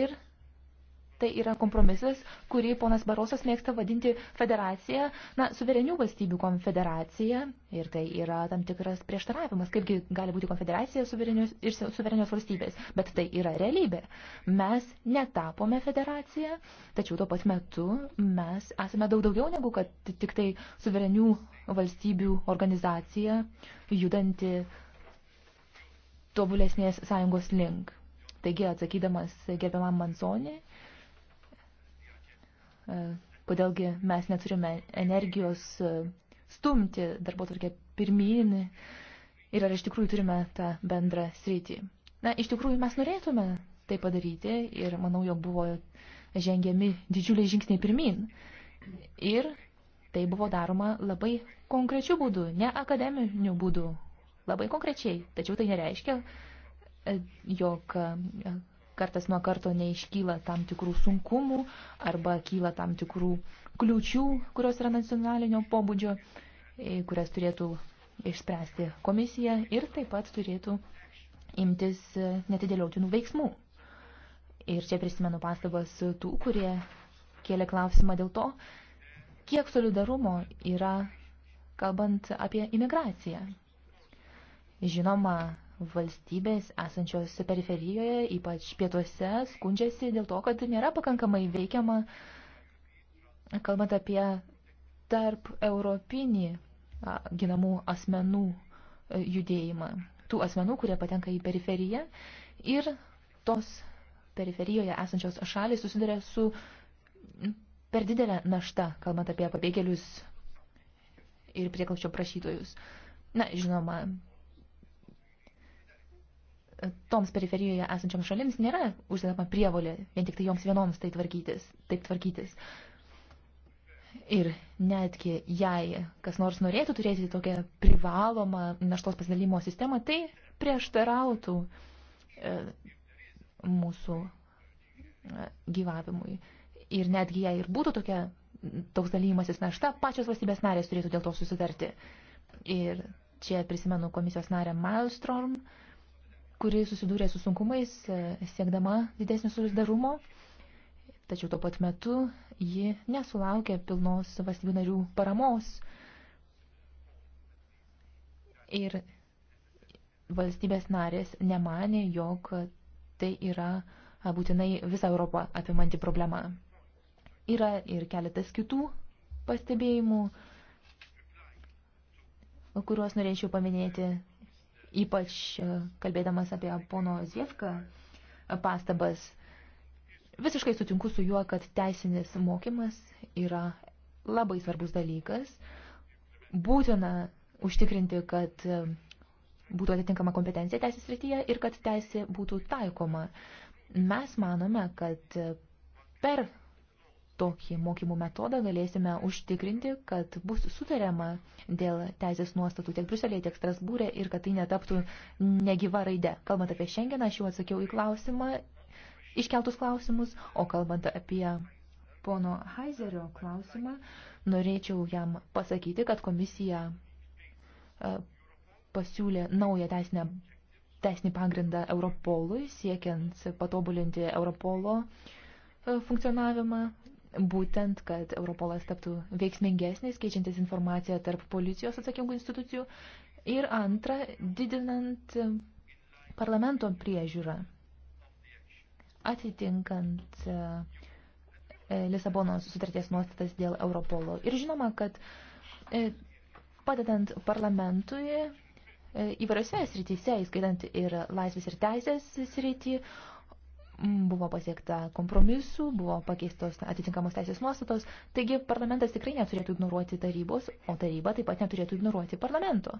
ir Tai yra kompromisas, kurį ponas Barosas mėgsta vadinti federacija, na, suverenių valstybių konfederacija. Ir tai yra tam tikras prieštaravimas, kaipgi gali būti konfederacija ir suverenios valstybės. Bet tai yra realybė. Mes netapome federacija, tačiau tuo pat metu mes esame daug daugiau negu kad tik tai suverenių valstybių organizacija judanti tobulesnės sąjungos link. Taigi, atsakydamas gerbiamam Mansonį, E, kodėlgi mes neturime energijos e, stumti darbo tokia pirmyn ir ar iš tikrųjų turime tą bendrą sritį. Na, iš tikrųjų mes norėtume tai padaryti ir manau, jog buvo žengiami didžiuliai žingsniai pirmin. Ir tai buvo daroma labai konkrečių būdų, ne akademinių būdų, labai konkrečiai. Tačiau tai nereiškia, e, jog kartas nuo karto neiškyla tam tikrų sunkumų arba kyla tam tikrų kliūčių, kurios yra nacionalinio pobūdžio, e, kurias turėtų išspręsti komisija ir taip pat turėtų imtis e, netidėliotinų veiksmų. Ir čia prisimenu pastabas tų, kurie kėlė klausimą dėl to, kiek solidarumo yra, kalbant apie imigraciją. Žinoma, valstybės esančios periferijoje, ypač pietuose, skundžiasi dėl to, kad nėra pakankamai veikiama, kalbant apie tarp europinį ginamų asmenų e, judėjimą. Tų asmenų, kurie patenka į periferiją ir tos periferijoje esančios šalis susiduria su per didelę naštą, kalbant apie pabėgėlius ir prieklaučio prašytojus. Na, žinoma, toms periferijoje esančioms šalims nėra uždedama prievolė vien tik tai joms vienoms tai tvarkytis, taip tvarkytis. Ir netgi jei kas nors norėtų turėti tokią privalomą naštos pasidalymo sistemą, tai prieštarautų e, mūsų e, gyvavimui. Ir netgi jei ir būtų tokia, toks dalymasis našta, pačios valstybės narės turėtų dėl to susitarti. Ir čia prisimenu komisijos narę Maelstrom, e, kuri susidūrė su sunkumais, e, siekdama didesnio solidarumo, tačiau tuo pat metu ji nesulaukė pilnos valstybių narių paramos. Ir valstybės narės nemanė, jog tai yra būtinai visą Europą apimanti problema. Yra ir keletas kitų pastebėjimų, kuriuos norėčiau paminėti ypač e, kalbėdamas apie pono Zievką e, pastabas. Visiškai sutinku su juo, kad teisinis mokymas yra labai svarbus dalykas. Būtina užtikrinti, kad e, būtų atitinkama kompetencija teisės srityje ir kad teisė būtų taikoma. Mes manome, kad per tokį mokymų metodą galėsime užtikrinti, kad bus sutariama dėl teisės nuostatų tiek Bruselėje, tiek Strasbūrė ir kad tai netaptų negyva raide. Kalbant apie šiandieną, aš jau atsakiau į klausimą, iškeltus klausimus, o kalbant apie pono Heizerio klausimą, norėčiau jam pasakyti, kad komisija e, pasiūlė naują teisinę teisinį pagrindą Europolui, siekiant patobulinti Europolo e, funkcionavimą būtent, kad Europolas taptų veiksmingesnis, keičiantis informaciją tarp policijos atsakingų institucijų ir antra, didinant parlamento priežiūrą, atitinkant e, Lisabonos sutarties nuostatas dėl Europolo. Ir žinoma, kad e, padedant parlamentui e, įvairiose srityse, įskaitant ir laisvės ir teisės srityje, Mm, buvo pasiekta kompromisų, buvo pakeistos atitinkamos teisės nuostatos, taigi parlamentas tikrai neturėtų ignoruoti tarybos, o taryba taip pat neturėtų ignoruoti parlamento.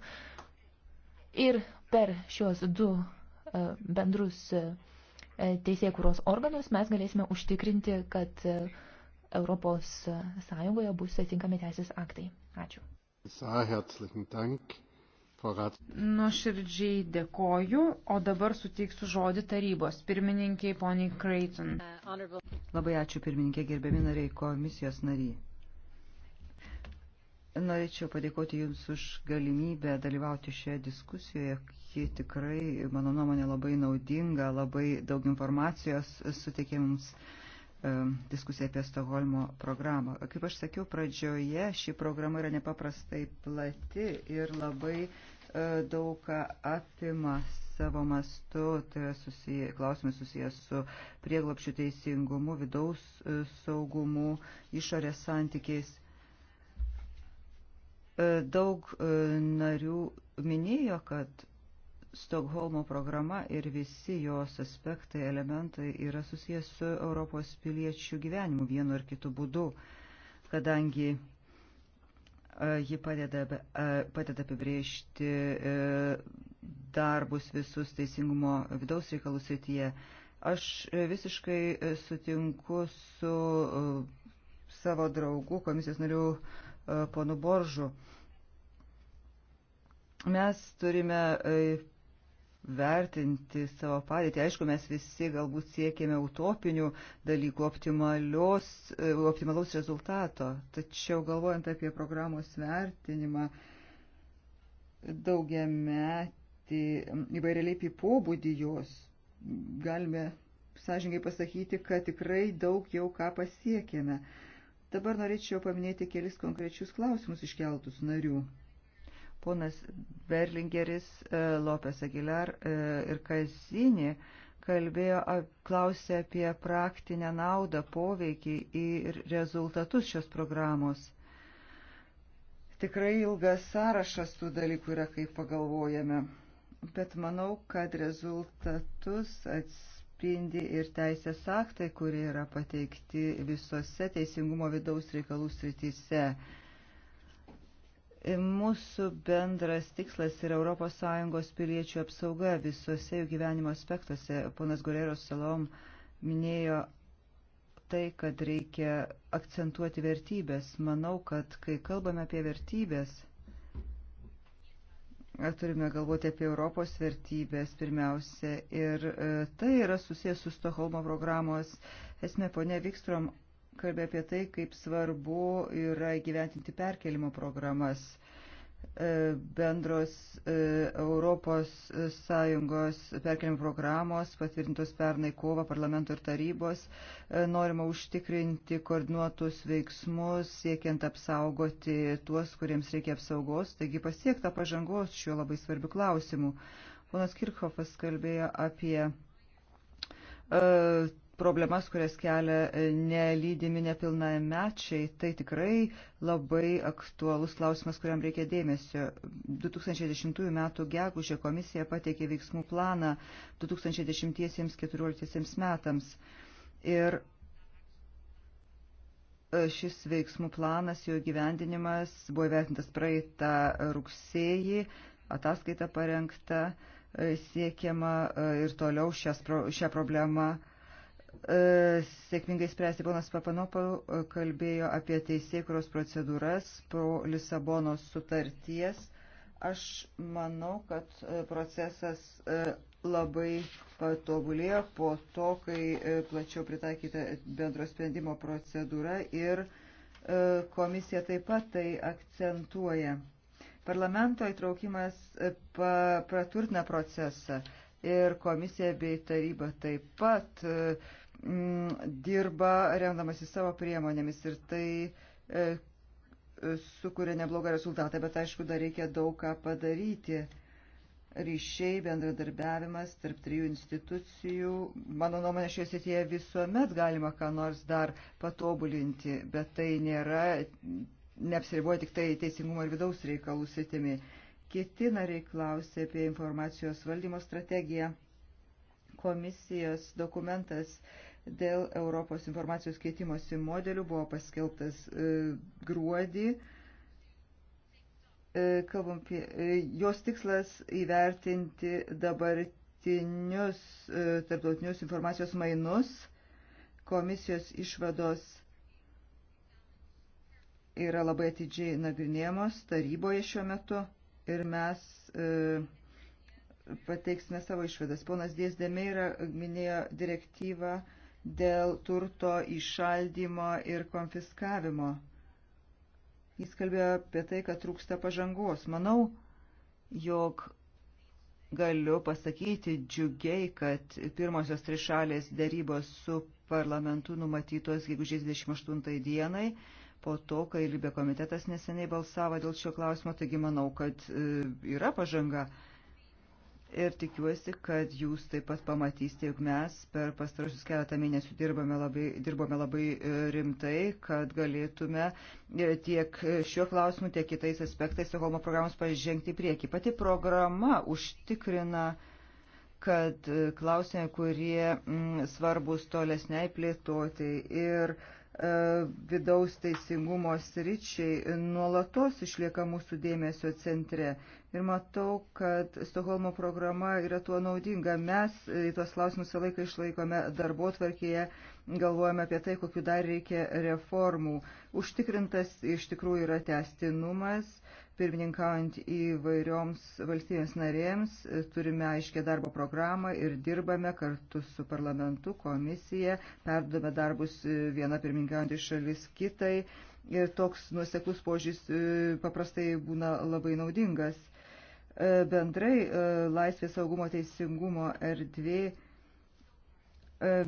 Ir per šios du e, bendrus e, teisėkūros organus mes galėsime užtikrinti, kad e, Europos Sąjungoje bus atitinkami teisės aktai. Ačiū. Sah, herzlichen Dank. Nuoširdžiai dėkoju, o dabar suteiksiu žodį tarybos pirmininkiai poniai Creighton. Labai ačiū pirmininkė, gerbėmi nariai, komisijos nariai. Norėčiau padėkoti Jums už galimybę dalyvauti šioje diskusijoje. Ji tikrai, mano nuomonė, labai naudinga, labai daug informacijos suteikė mums. Uh, diskusiją apie Stokholmo programą. Kaip aš sakiau pradžioje, ši programa yra nepaprastai plati ir labai e, daug ką apima savo mastu, tai yra susiję, klausimai susijęs su prieglopšių teisingumu, vidaus e, saugumu, išorės santykiais. E, daug narių minėjo, kad Stokholmo programa ir visi jos aspektai, elementai yra susijęs su Europos piliečių gyvenimu vienu ar kitu būdu, kadangi e, ji padeda, e, padeda apibriežti e, darbus visus teisingumo vidaus reikalų srityje. Aš visiškai sutinku su savo draugu, komisijos nariu ponu Boržu. Mes turime vertinti savo padėtį. Aišku, mes visi galbūt siekėme utopinių dalykų, e, optimalaus rezultato, tačiau galvojant apie programos vertinimą, daugiametį įvairialypį pobūdį jos galime sąžingai pasakyti, kad tikrai daug jau ką pasiekėme. Dabar norėčiau paminėti kelis konkrečius klausimus iškeltus narių. Ponas Berlingeris, e, Lopes Aguilar e, ir Kazinė kalbėjo, klausė apie praktinę naudą, poveikį ir rezultatus šios programos. Tikrai ilgas sąrašas tų dalykų yra, kaip pagalvojame, bet manau, kad rezultatus atspindi ir teisės aktai, kurie yra pateikti visose teisingumo vidaus reikalų srityse. Mūsų bendras tikslas yra ES piliečių apsauga visuose jų gyvenimo aspektuose. Ponas Gureros Salom minėjo tai, kad reikia akcentuoti vertybės. Manau, kad kai kalbame apie vertybės, turime galvoti apie Europos vertybės pirmiausia. Ir e, tai yra susijęs su Stoholmo programos esmė. Pone Vikstrom kalbė apie tai, kaip svarbu yra gyventinti perkelimo programas e, bendros e, Europos Sąjungos perkelimo programos, patvirtintos pernai kovo parlamento ir tarybos, e, norima užtikrinti koordinuotus veiksmus, siekiant apsaugoti tuos, kuriems reikia apsaugos, taigi pasiekta pažangos šiuo labai svarbiu klausimu. Ponas Kirchhoffas kalbėjo apie problemas, kurias kelia e, nelydimi nepilnamečiai, tai tikrai labai aktualus klausimas, kuriam reikia dėmesio. 2010 m. gegužė komisija pateikė veiksmų planą 2010-2014 metams. Ir e, šis veiksmų planas, jo gyvendinimas buvo vertintas praeitą rugsėjį, ataskaita parengta, e, siekiama ir toliau šias, šią problemą E, sėkmingai spręsti. Ponas Papanopal e, kalbėjo apie teisėkuros procedūras po Lisabonos sutarties. Aš manau, kad e, procesas labai patobulėjo po to, kai plačiau pritaikyta bendro sprendimo procedūra ir komisija taip pat tai akcentuoja. Parlamento įtraukimas praturtina procesą ir komisija bei taryba taip pat uh, Mm, dirba remdamasi savo priemonėmis ir tai e, e, sukuria neblogą rezultatą, bet aišku, dar reikia daug ką padaryti. Ryšiai, bendradarbiavimas tarp trijų institucijų. Mano nuomonė šioje srityje visuomet galima ką nors dar patobulinti, bet tai nėra, neapsiribuoja tik tai teisingumo ir vidaus reikalų sritimi. Kiti nariai klausė apie informacijos valdymo strategiją. Komisijos dokumentas uh, dėl Europos informacijos keitimosi modelių buvo paskelbtas e, gruodį. E, kalbam apie, e, jos tikslas įvertinti dabartinius tarptautinius informacijos mainus. Komisijos išvados yra labai atidžiai nagrinėjamos taryboje šiuo metu ir mes e, pateiksime savo išvadas. Ponas Dėsdėmė yra minėjo direktyvą dėl turto išaldymo ir konfiskavimo. Jis kalbėjo apie tai, kad trūksta pažangos. Manau, jog galiu pasakyti džiugiai, kad pirmosios trišalės dėrybos su parlamentu numatytos gegužės 28 dienai, po to, kai Libė komitetas neseniai balsavo dėl šio klausimo, taigi manau, kad e, yra pažanga ir tikiuosi, kad jūs taip pat pamatysite, jog mes per pastarosius keletą mėnesių dirbame labai, dirbome labai e, rimtai, kad galėtume e, tiek šiuo klausimu, tiek kitais aspektais Stokholmo programos pažengti į priekį. Pati programa užtikrina kad e, klausimai, kurie m, svarbus tolesniai plėtoti ir uh, E, vidaus teisingumo sričiai nuolatos išlieka mūsų dėmesio centre. Ir matau, kad Stokholmo programa yra tuo naudinga. Mes į tuos klausimus visą laiką išlaikome darbo tvarkėje, galvojame apie tai, kokiu dar reikia reformų. Užtikrintas iš tikrųjų yra testinumas, pirmininkaujant įvairioms valstybės narėms, e, turime aiškę darbo programą ir dirbame kartu su parlamentu, komisija, perdodame darbus e, viena pirmininkaujant iš šalis kitai ir toks nuoseklus požiūris e, paprastai būna labai naudingas. Bendrai laisvės saugumo teisingumo erdvė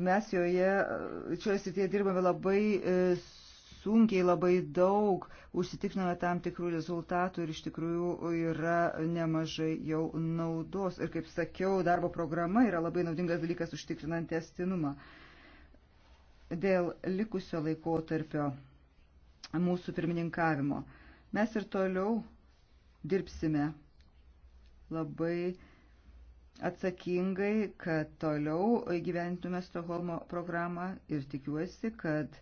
mes joje, čia srityje dirbame labai sunkiai labai daug užsitikrinome tam tikrų rezultatų ir iš tikrųjų yra nemažai jau naudos. Ir kaip sakiau, darbo programa yra labai naudingas dalykas užtikrinant testinumą. Dėl likusio laikotarpio mūsų pirmininkavimo mes ir toliau dirbsime labai atsakingai, kad toliau įgyventume Stoholmo programą ir tikiuosi, kad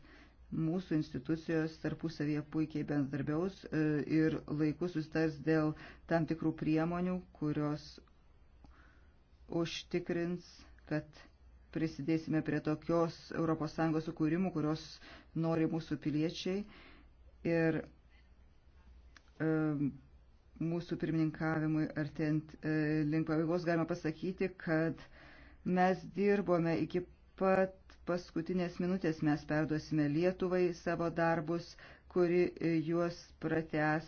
mūsų institucijos tarpusavėje puikiai bendradarbiaus e, ir laiku sustars dėl tam tikrų priemonių, kurios užtikrins, kad prisidėsime prie tokios ES sukūrimų, kurios nori mūsų piliečiai. Ir e, mūsų pirmininkavimui artėjant e, link pabaigos galima pasakyti, kad mes dirbome iki pat paskutinės minutės mes perduosime Lietuvai savo darbus, kuri e, juos prates.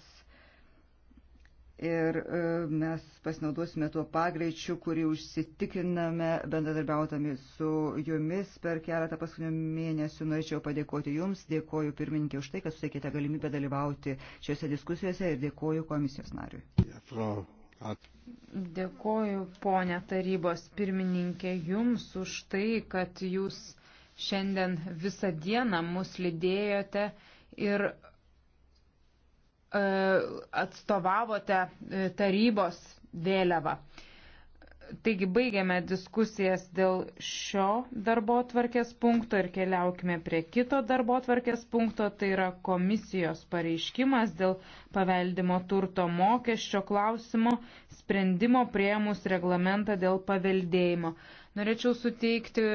Ir e, mes pasinaudosime tuo pagreičiu, kurį užsitikiname bendradarbiautami su jumis per keletą paskutinių mėnesių. Norėčiau padėkoti jums, dėkoju pirmininkė už tai, kad suteikėte galimybę dalyvauti šiuose diskusijose ir dėkoju komisijos nariui. Dėkoju, ponė tarybos pirmininkė, jums už tai, kad jūs Šiandien visą dieną mus lydėjote ir e, atstovavote e, tarybos vėliavą. Taigi baigiame diskusijas dėl šio darbo tvarkės punkto ir keliaukime prie kito darbo tvarkės punkto, tai yra komisijos pareiškimas dėl paveldimo turto mokesčio klausimo sprendimo prieimus reglamentą dėl paveldėjimo. Norėčiau suteikti